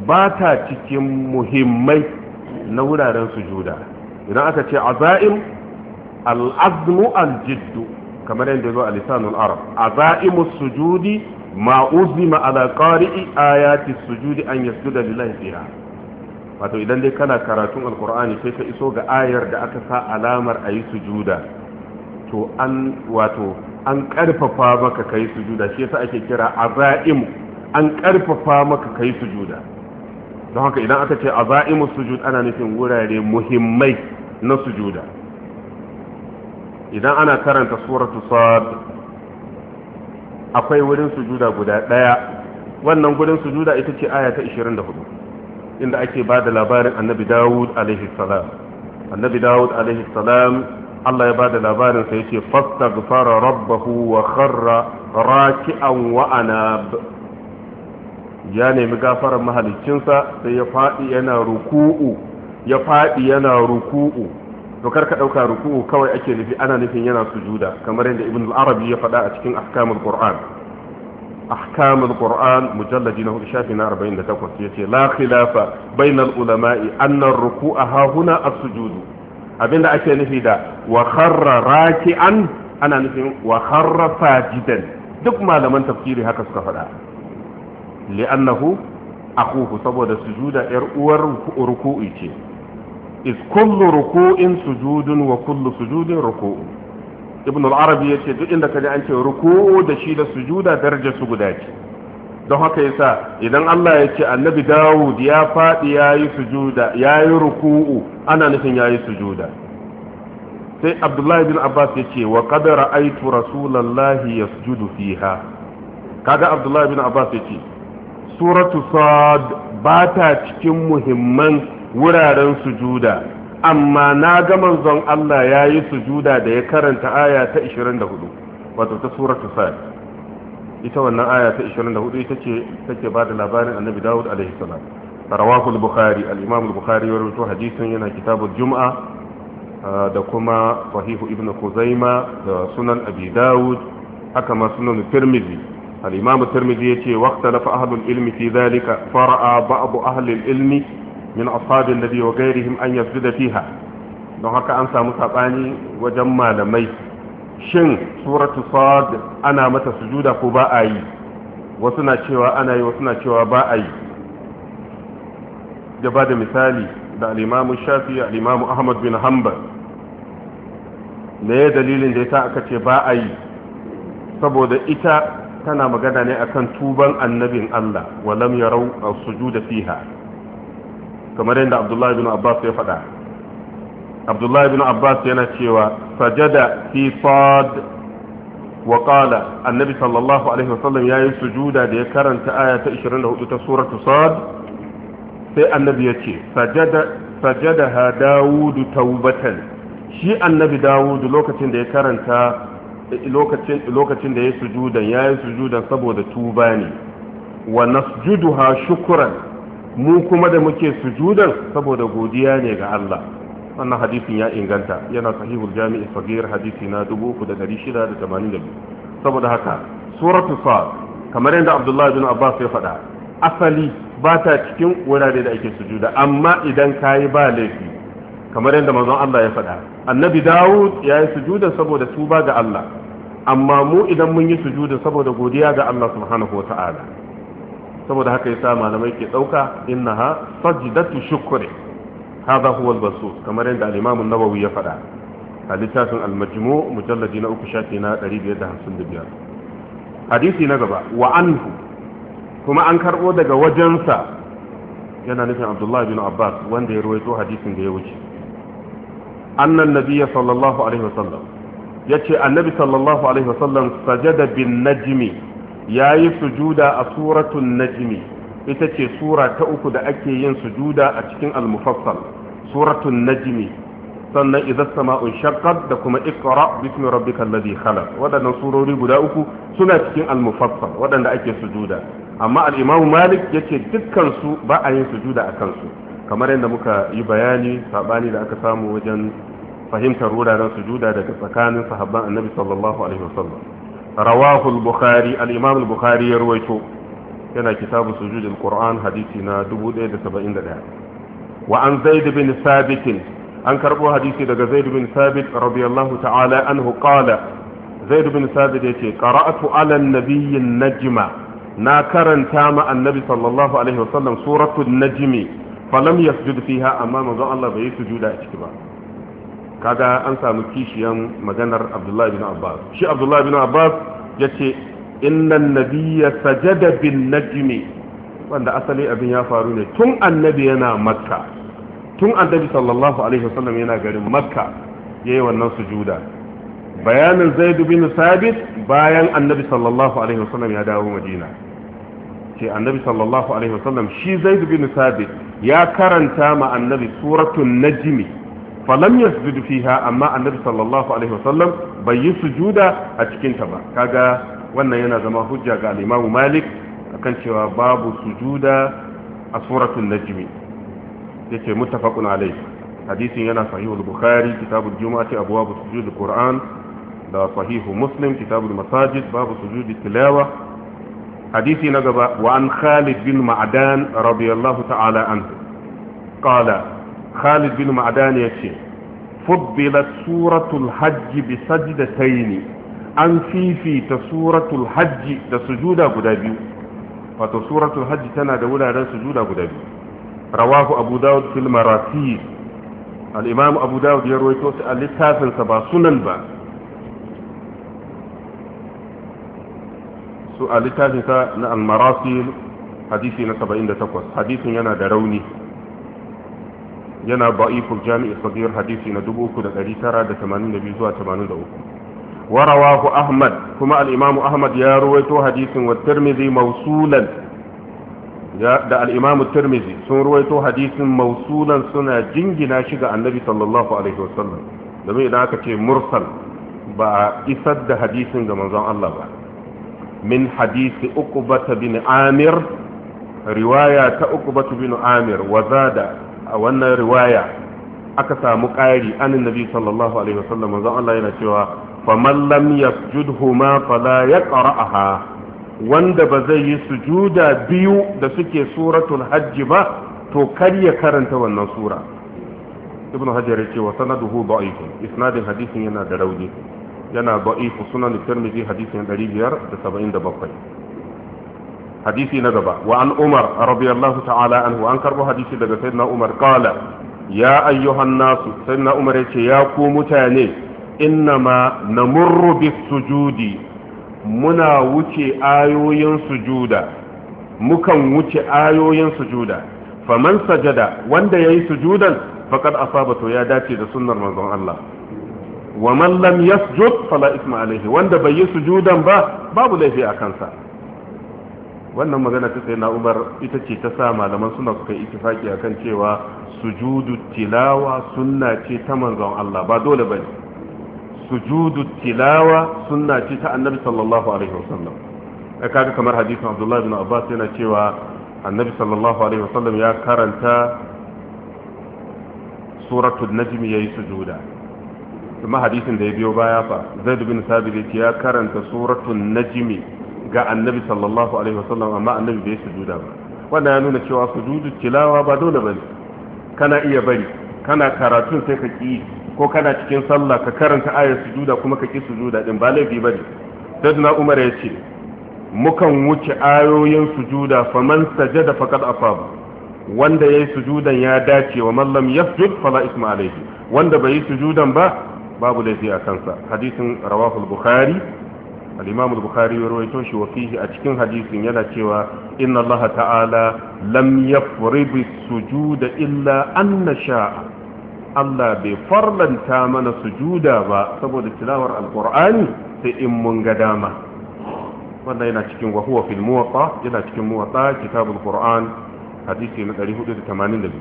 ba ta cikin muhimmai na wuraren sujuda idan aka ce azaim al-azmu jiddu kamar yadda zo a lisanul arab azaimus sujudi ma uzima ala qari'i ayati sujudi an yasjuda lillahi fiha wato idan dai kana karatun alkur'ani sai ka iso ga ayar da aka sa alamar ayi sujuda to an wato an karfafa maka kai sujuda shi yasa ake kira azaim an karfafa maka kai sujuda don haka idan aka ce azaimu sujud ana nufin wurare muhimmai na sujuda idan ana karanta suratu sad akwai wurin sujuda guda ɗaya wannan gurin sujuda ita ce aya ta 24 inda ake ba da labarin annabi dawud alaihi salam annabi dawud alaihi salam Allah ya ba da labarin sai ce fastaghfara rabbahu wa kharra raki'an wa ya nemi gafarar mahaliccinsa sai ya faɗi yana ruku'u ya faɗi yana ruku'u to ka ɗauka ruku'u kawai ake nufi ana nufin yana sujuda kamar yadda ibn al-arabi ya faɗa a cikin ahkamul qur'an ahkamul qur'an mujalladi na shafi na 48 yace la khilafa bainal ulama'i anna ruku'a ha huna as-sujud abinda ake nufi da wa kharra raki'an ana nufin wa kharra duk malaman tafsiri haka suka faɗa li'annahu akuhu saboda sujuda yar uwar ruku'i ce is kullu ruku'in sujudun wa kullu sujudin ruku'u ibn al-arabi yace duk inda kaje an ce ruku'u da shi da sujuda daraja su guda ce don haka yasa idan Allah ya ce annabi Dawud ya faɗi yayi sujuda yayi ruku'u ana nufin yayi sujuda sai Abdullahi bin Abbas ya ce wa qad ra'aytu rasulallahi yasjudu fiha kaga Abdullahi bin Abbas ya suratu sad ba ta cikin muhimman wuraren sujuda amma na ga manzon Allah ya yi sujuda da ya karanta aya ta 24 wato ta suratu sa'ad ita wannan aya ta 24 ita ce take ba da labarin annabi dawud alaihi salam rawahu al-bukhari al-imam al-bukhari ya rawaito hadisin yana kitabul jum'a ah, da kuma sahihu ibn kuzaima da sunan abi dawud haka ma sunan tirmidhi al-imam tirmidhi yace waqtalafa ahlul ilmi fi dhalika fara'a ba'd ahlil ilmi min ashabin nabi wa gairihim an da fiha don haka an samu sabani wajen malamai shin suratu sad ana mata sujuda ko ba a yi wasu na cewa ana yi wasu na cewa ba a yi da ba da misali da al'imamu shafi al'imamu ahmad bin hanbal da dalilin da ya ta aka ce ba a yi saboda ita tana magana ne akan tuban annabin allah walam yarau a sujuda fiha kamar yadda abdullahi bin abbas ya faɗa abdullahi bin abbas yana cewa sajada fi sad wa qala annabi sallallahu alaihi wasallam yayi sujuda da ya karanta aya ta 24 ta suratu sad sai annabi ya ce sajada ha dawudu taubatan shi annabi dawudu lokacin da ya karanta lokacin lokacin da ya sujudan yayi sujudan saboda tuba ne wa nasjuduha shukran mu kuma da muke sujudan saboda godiya ne ga Allah wannan hadisin ya inganta yana sahihul jami'i sagir hadisi na 3682 saboda haka suratul kamar yadda Abdullah bin Abbas ya faɗa asali ba ta cikin wurare da ake sujuda amma idan kayi ba laifi kamar yadda manzon Allah ya faɗa annabi Dawud ya yi sujuda saboda tuba ga Allah amma mu idan mun yi sujuda saboda godiya ga Allah subhanahu wa ta'ala saboda haka yasa malamai ke dauka innaha sajdatu shukri hadha huwa al-basus kamar yadda al-imam an-nawawi ya faɗa a littafin al-majmu mujalladi na uku shafi na 555 hadisi na gaba wa anhu kuma an karbo daga wajensa yana nufin abdullahi bin abbas wanda ya ruwaito hadisin da ya wuce annan nabiyya sallallahu alaihi wasallam yace annabi sallallahu alaihi wasallam sajada bin najmi ya yi sujuda a suratun najmi ita ce sura ta uku da ake yin sujuda a cikin al suratun najmi sannan idan sama'un shaqqat da kuma iqra bismi rabbikal ladhi khalaq wadannan surori guda uku suna cikin al-mufassal wadanda ake sujuda amma al-imamu malik yace dukkan su ba a yin sujuda a kansu kamar yadda muka yi bayani sabani da aka samu wajen fahimtar wuraren sujuda daga tsakanin sahabban annabi sallallahu alaihi wasallam رواه البخاري الإمام البخاري يرويته هنا كتاب سجود القرآن حديثنا دبود إيدة سبعين دلها وعن زيد بن ثابت أن كربوا حديثي دقى زيد بن ثابت رضي الله تعالى عنه قال زيد بن ثابت يتي قرأت على النبي النجمة ناكرا تام النبي صلى الله عليه وسلم سورة النجم فلم يسجد فيها أمام الله بي سجود أشكبه kaga an samu kishiyan maganar abdullahi bin abbas shi abdullahi bin abbas ya ce innan nabiya sajada bin najmi wanda asali abin ya faru ne tun annabi yana makka tun annabi sallallahu alaihi wasallam yana garin makka yayi wannan sujuda bayanin zaid bin sabit bayan annabi sallallahu alaihi wasallam ya dawo madina ce annabi sallallahu alaihi wasallam shi zaid bin sabit ya karanta ma annabi suratul najmi falam yasjudu fiha amma annabi sallallahu alaihi wasallam bai yi sujuda a cikinta ba kaga wannan yana zama hujja ga al Malik akan cewa babu sujuda a suratul najmi yace muttafaqun alaihi hadisin yana sahih al-Bukhari kitabul jumu'ati abwab sujud al-Qur'an da sahih Muslim kitabul masajid babu sujud tilawa hadisi na gaba wa an Khalid bin Ma'dan radiyallahu ta'ala anhu qala khalid bin ma'adan ya ce fuddilat suratul hajji bi sajdataini an fifita suratul da sujuda guda biyu wato suratul tana da wuraren sujuda guda biyu rawahu abu dawud fil maratib al abu dawud ya rawaito a littafin sa ba sunan ba na hadisi na hadisin yana da rauni yana ba'iful jami'i sabir hadisi na 3982 zuwa 83 warawahu ahmad kuma al-imam ahmad ya ruwaito hadisin wa tirmidhi mawsulan da al-imam tirmidhi sun ruwaito hadisin mawsulan suna jingina shi ga annabi sallallahu alaihi wasallam domin idan aka ce mursal ba isar da hadisin ga manzon Allah ba min hadisi uqbata bin amir riwaya ta uqbata bin amir wa zada a wannan riwaya aka samu ƙari anin nabi sallallahu alaihi wasallam zan Allah yana cewa faman lam yasjudhuma fala yaqra'aha wanda ba zai yi sujuda biyu da suke suratul hajj ba to kar ya karanta wannan sura ibn hajar ya ce wa sanaduhu da'if isnadin hadisin yana da rauni yana da'if sunan tirmidhi hadisin 577 hadisi na gaba wa an umar radiyallahu ta'ala anhu an karɓo hadisi daga sayyidina umar qala ya ayyuhan nasu sayyidina umar yace ya ko mutane innama namurru bis sujudi muna wuce ayoyin sujuda mukan wuce ayoyin sujuda faman sajada wanda yayi sujudan faqad asaba to ya dace da sunnar manzon Allah wa man lam yasjud fala isma alaihi wanda bai yi sujudan ba babu laifi a kansa wannan magana ta sai na umar ita ce ta sa malaman suna suka yi itifaki akan cewa sujudu tilawa suna ce ta manzon Allah ba dole ba sujudu tilawa suna ce ta annabi sallallahu alaihi wasallam kaga kamar hadisin Abdullahi bin Abbas yana cewa annabi sallallahu alaihi wasallam ya karanta suratul najm yayi sujuda kuma hadisin da ya biyo baya fa Zaid bin Sabit ya karanta suratun najmi ga annabi sallallahu alaihi wasallam amma annabi bai sujuda ba wannan ya nuna cewa sujudu tilawa ba dole bane kana iya bari kana karatu sai ka ki ko kana cikin sallah ka karanta ayar sujuda kuma ka ki sujuda din ba laifi bane sayyidina umar ya ce mukan wuce ayoyin sujuda faman sajada faqad asaba wanda yayi sujudan ya dace wa man lam yasjud fala isma alayhi wanda bai yi sujudan ba babu laifi a kansa hadisin rawahul bukhari al-imam al-bukhari ya rawaito shi a cikin hadisin yana cewa inna allaha ta'ala lam yafrid sujuda illa anna sha'a Allah bai farlanta mana sujuda ba saboda tilawar alqur'ani sai in mun ga dama wannan yana cikin wa huwa fil muwatta yana cikin muwatta kitabul qur'an hadisi na 482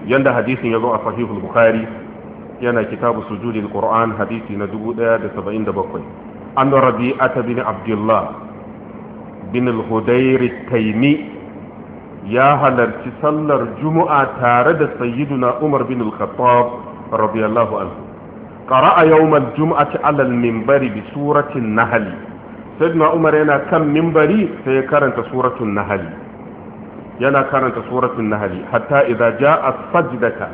yanda hadisin ya zo a sahihul bukhari yana kitabu sujudil qur'an hadisi na 1077 an rabi'ata bin abdullah bin al-hudayr taymi ya halarci sallar juma'a tare da sayyiduna umar bin al-khattab radiyallahu anhu qara'a yawm al-jum'ati 'ala al-minbari bi surati an-nahl sayyiduna umar yana kan minbari sai ya karanta suratul nahl yana karanta suratul nahl hatta idza ja'a sajdata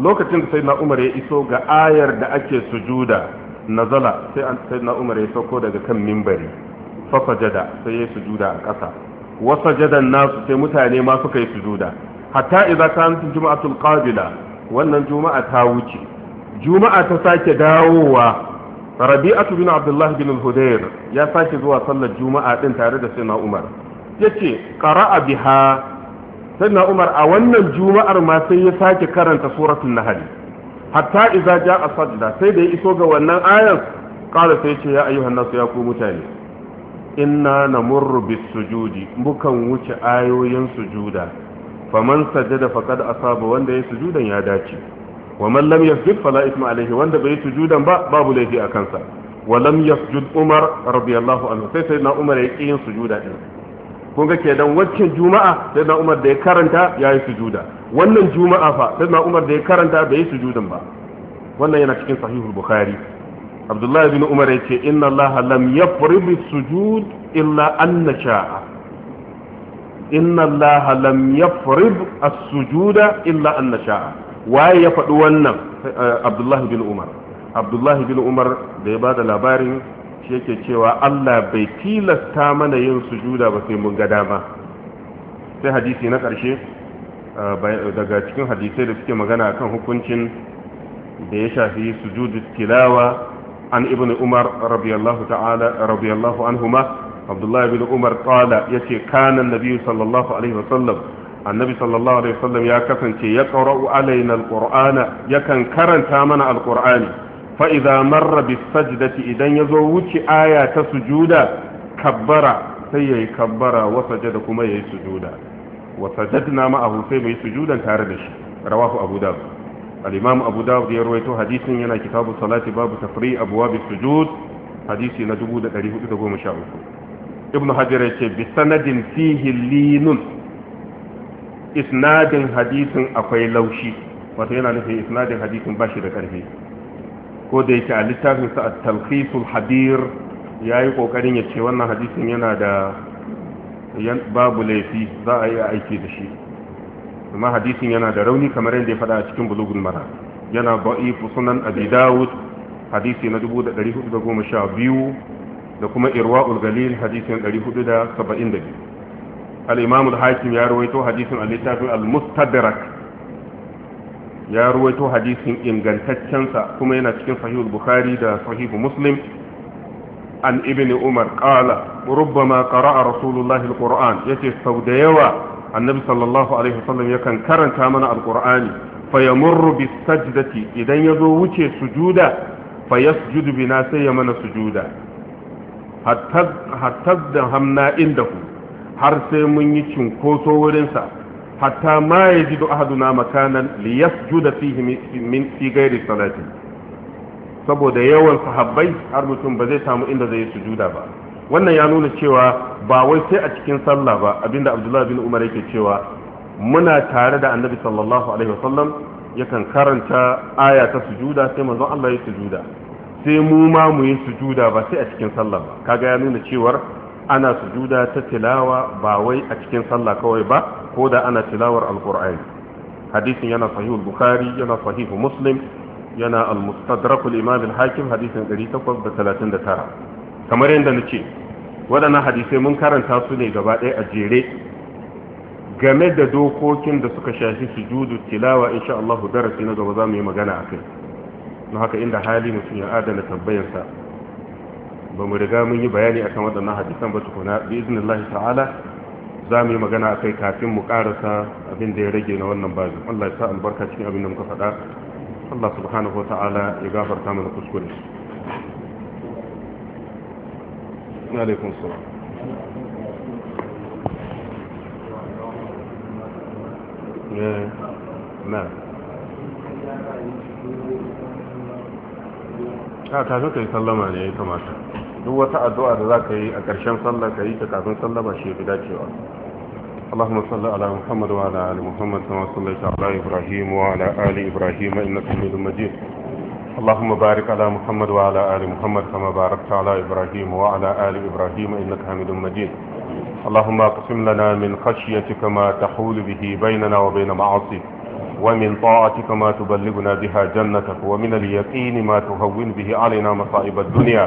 lokacin da sayyidina umar ya iso ga ayar da ake sujuda nazala sai an sai na umar ya sauko daga kan mimbari Fasa jada sai ya yi sujuda a ƙasa wa sajadan nasu sai mutane ma suka yi sujuda hatta idza kanat juma'atul qabila wannan juma'a ta wuce juma'a ta sake dawowa rabi'atu bin abdullah bin al-hudayr ya sake zuwa sallar juma'a din tare da sai sayyidina umar yace qara'a biha sayyidina umar a wannan juma'ar ma sai ya sake karanta suratul nahl hatta idza a sadda sai da ya iso ga wannan ayan qala sai ce ya ayyuhan nasu ya ku mutane inna namurru bis sujudi mukan wuce ayoyin sujuda faman da faqad asaba wanda ya sujudan ya dace wa man lam yasjud fala isma alayhi wanda bai sujudan ba babu laifi a kansa wa lam yasjud umar radiyallahu anhu sai sai na umar ya ki yin sujuda din kun ga kenan waccan juma'a sai na umar da ya karanta ya yi sujuda wannan juma'a fa sai na umar da ya karanta bai yi sujudan ba wannan yana cikin sahihul bukhari abdullahi bin umar ya ce inna allaha lam yafrid sujud illa anna sha'a inna allaha lam yafrid as-sujuda illa anna sha'a waye ya faɗi wannan eh, abdullahi bin umar abdullahi bin umar da ya bada labarin shi yake cewa Allah bai tilasta mana yin sujuda ba sai mun ga dama sai hadisi na ƙarshe daga cikin hadisai da suke magana akan hukuncin da ya shafi sujudu tilawa an ibn umar radiyallahu ta'ala radiyallahu anhuma abdullahi Ibn umar qala yace kana annabi sallallahu alaihi wasallam annabi sallallahu alaihi wasallam ya kasance ya qara'u alaina alqur'ana yakan karanta mana alqur'ani fa idza marra bis sajdati idan ya zo wuce aya ta sujuda kabbara sai yayi kabbara wa sajada kuma yayi sujuda wa sajadna a sai mai sujudan tare da shi rawahu abu dawud al-imam abu dawud ya rawaito hadisin yana kitabu salati babu tafri abwab sujud hadisi na 1413 ibnu hajar yace bi sanadin fihi linun isnadin hadisin akwai laushi wato yana nufin isnadin hadisin ba shi da karfi ko da yake a littafinsa a talkhisul hadir ya yi ƙoƙarin ya ce wannan hadisin yana da babu laifi za a yi aiki da shi amma hadisin yana da rauni kamar yadda ya faɗa a cikin bulugun mara yana ba'i sunan abi dawud hadisi na 412 da kuma irwa'ul galil hadisin 472 al-imam al-hakim ya rawaito hadisin a littafin al-mustadrak ya ruwaito hadisin ingantaccensa kuma yana cikin sahihul bukhari da sahihu muslim an ibn umar qala rubbama qara'a rasulullahi alquran yace sau da yawa annabi sallallahu alaihi wasallam yakan karanta mana alqur'ani fayamurru bis sajdati idan yazo wuce sujuda fayasjudu bina sai ya mana sujuda hatta hatta da hamna indahu har sai mun yi cinkoso wurinsa hatta ma yajidu ahaduna makanan li yasjuda fihi min fi ghairi salati saboda yawan sahabbai har mutum ba zai samu inda zai sujuda ba wannan ya nuna cewa ba wai sai a cikin sallah ba abinda abdullahi bin umar yake cewa muna tare da annabi sallallahu alaihi wasallam yakan karanta aya ta sujuda sai manzon Allah ya sujuda sai mu ma mu yi sujuda ba sai a cikin sallah ba kaga ya nuna cewar ana sujuda ta tilawa ba wai a cikin sallah kawai ba ko da ana tilawar alkur'ani hadisin yana sahihul bukhari yana sahihu muslim yana al-mustadrakul imam al-hakim hadisin 839 kamar yadda nace waɗannan hadisai mun karanta su ne gaba ɗaya a jere game da dokokin da suka shafi sujudu tilawa insha Allah darasi na gaba za mu yi magana akai don haka inda hali mutum ya adana tambayarsa ba mu riga mun yi bayani akan waɗannan hadisan ba tukuna bi iznillahi ta'ala za mu yi magana a kai kafin mu karasa abin da ya rage na wannan bazi Allah ya sa albarka cikin abin da muka faɗa Allah subhanahu wa ta'ala ya gafarta mana kuskure alaikum eh, ah, ta zo ta yi sallama ne ya kamata duk wata addu'a da za ka yi a ƙarshen sallah ka yi ta kafin sallah ba shi fi dacewa اللهم صل على محمد وعلى آل محمد كما صليت على إبراهيم وعلى آل إبراهيم إنك حميد مجيد اللهم بارك على محمد وعلى آل محمد كما باركت على إبراهيم وعلى آل إبراهيم إنك حميد مجيد اللهم اقسم لنا من خشيتك ما تحول به بيننا وبين معاصيك ومن طاعتك ما تبلغنا بها جنتك ومن اليقين ما تهون به علينا مصائب الدنيا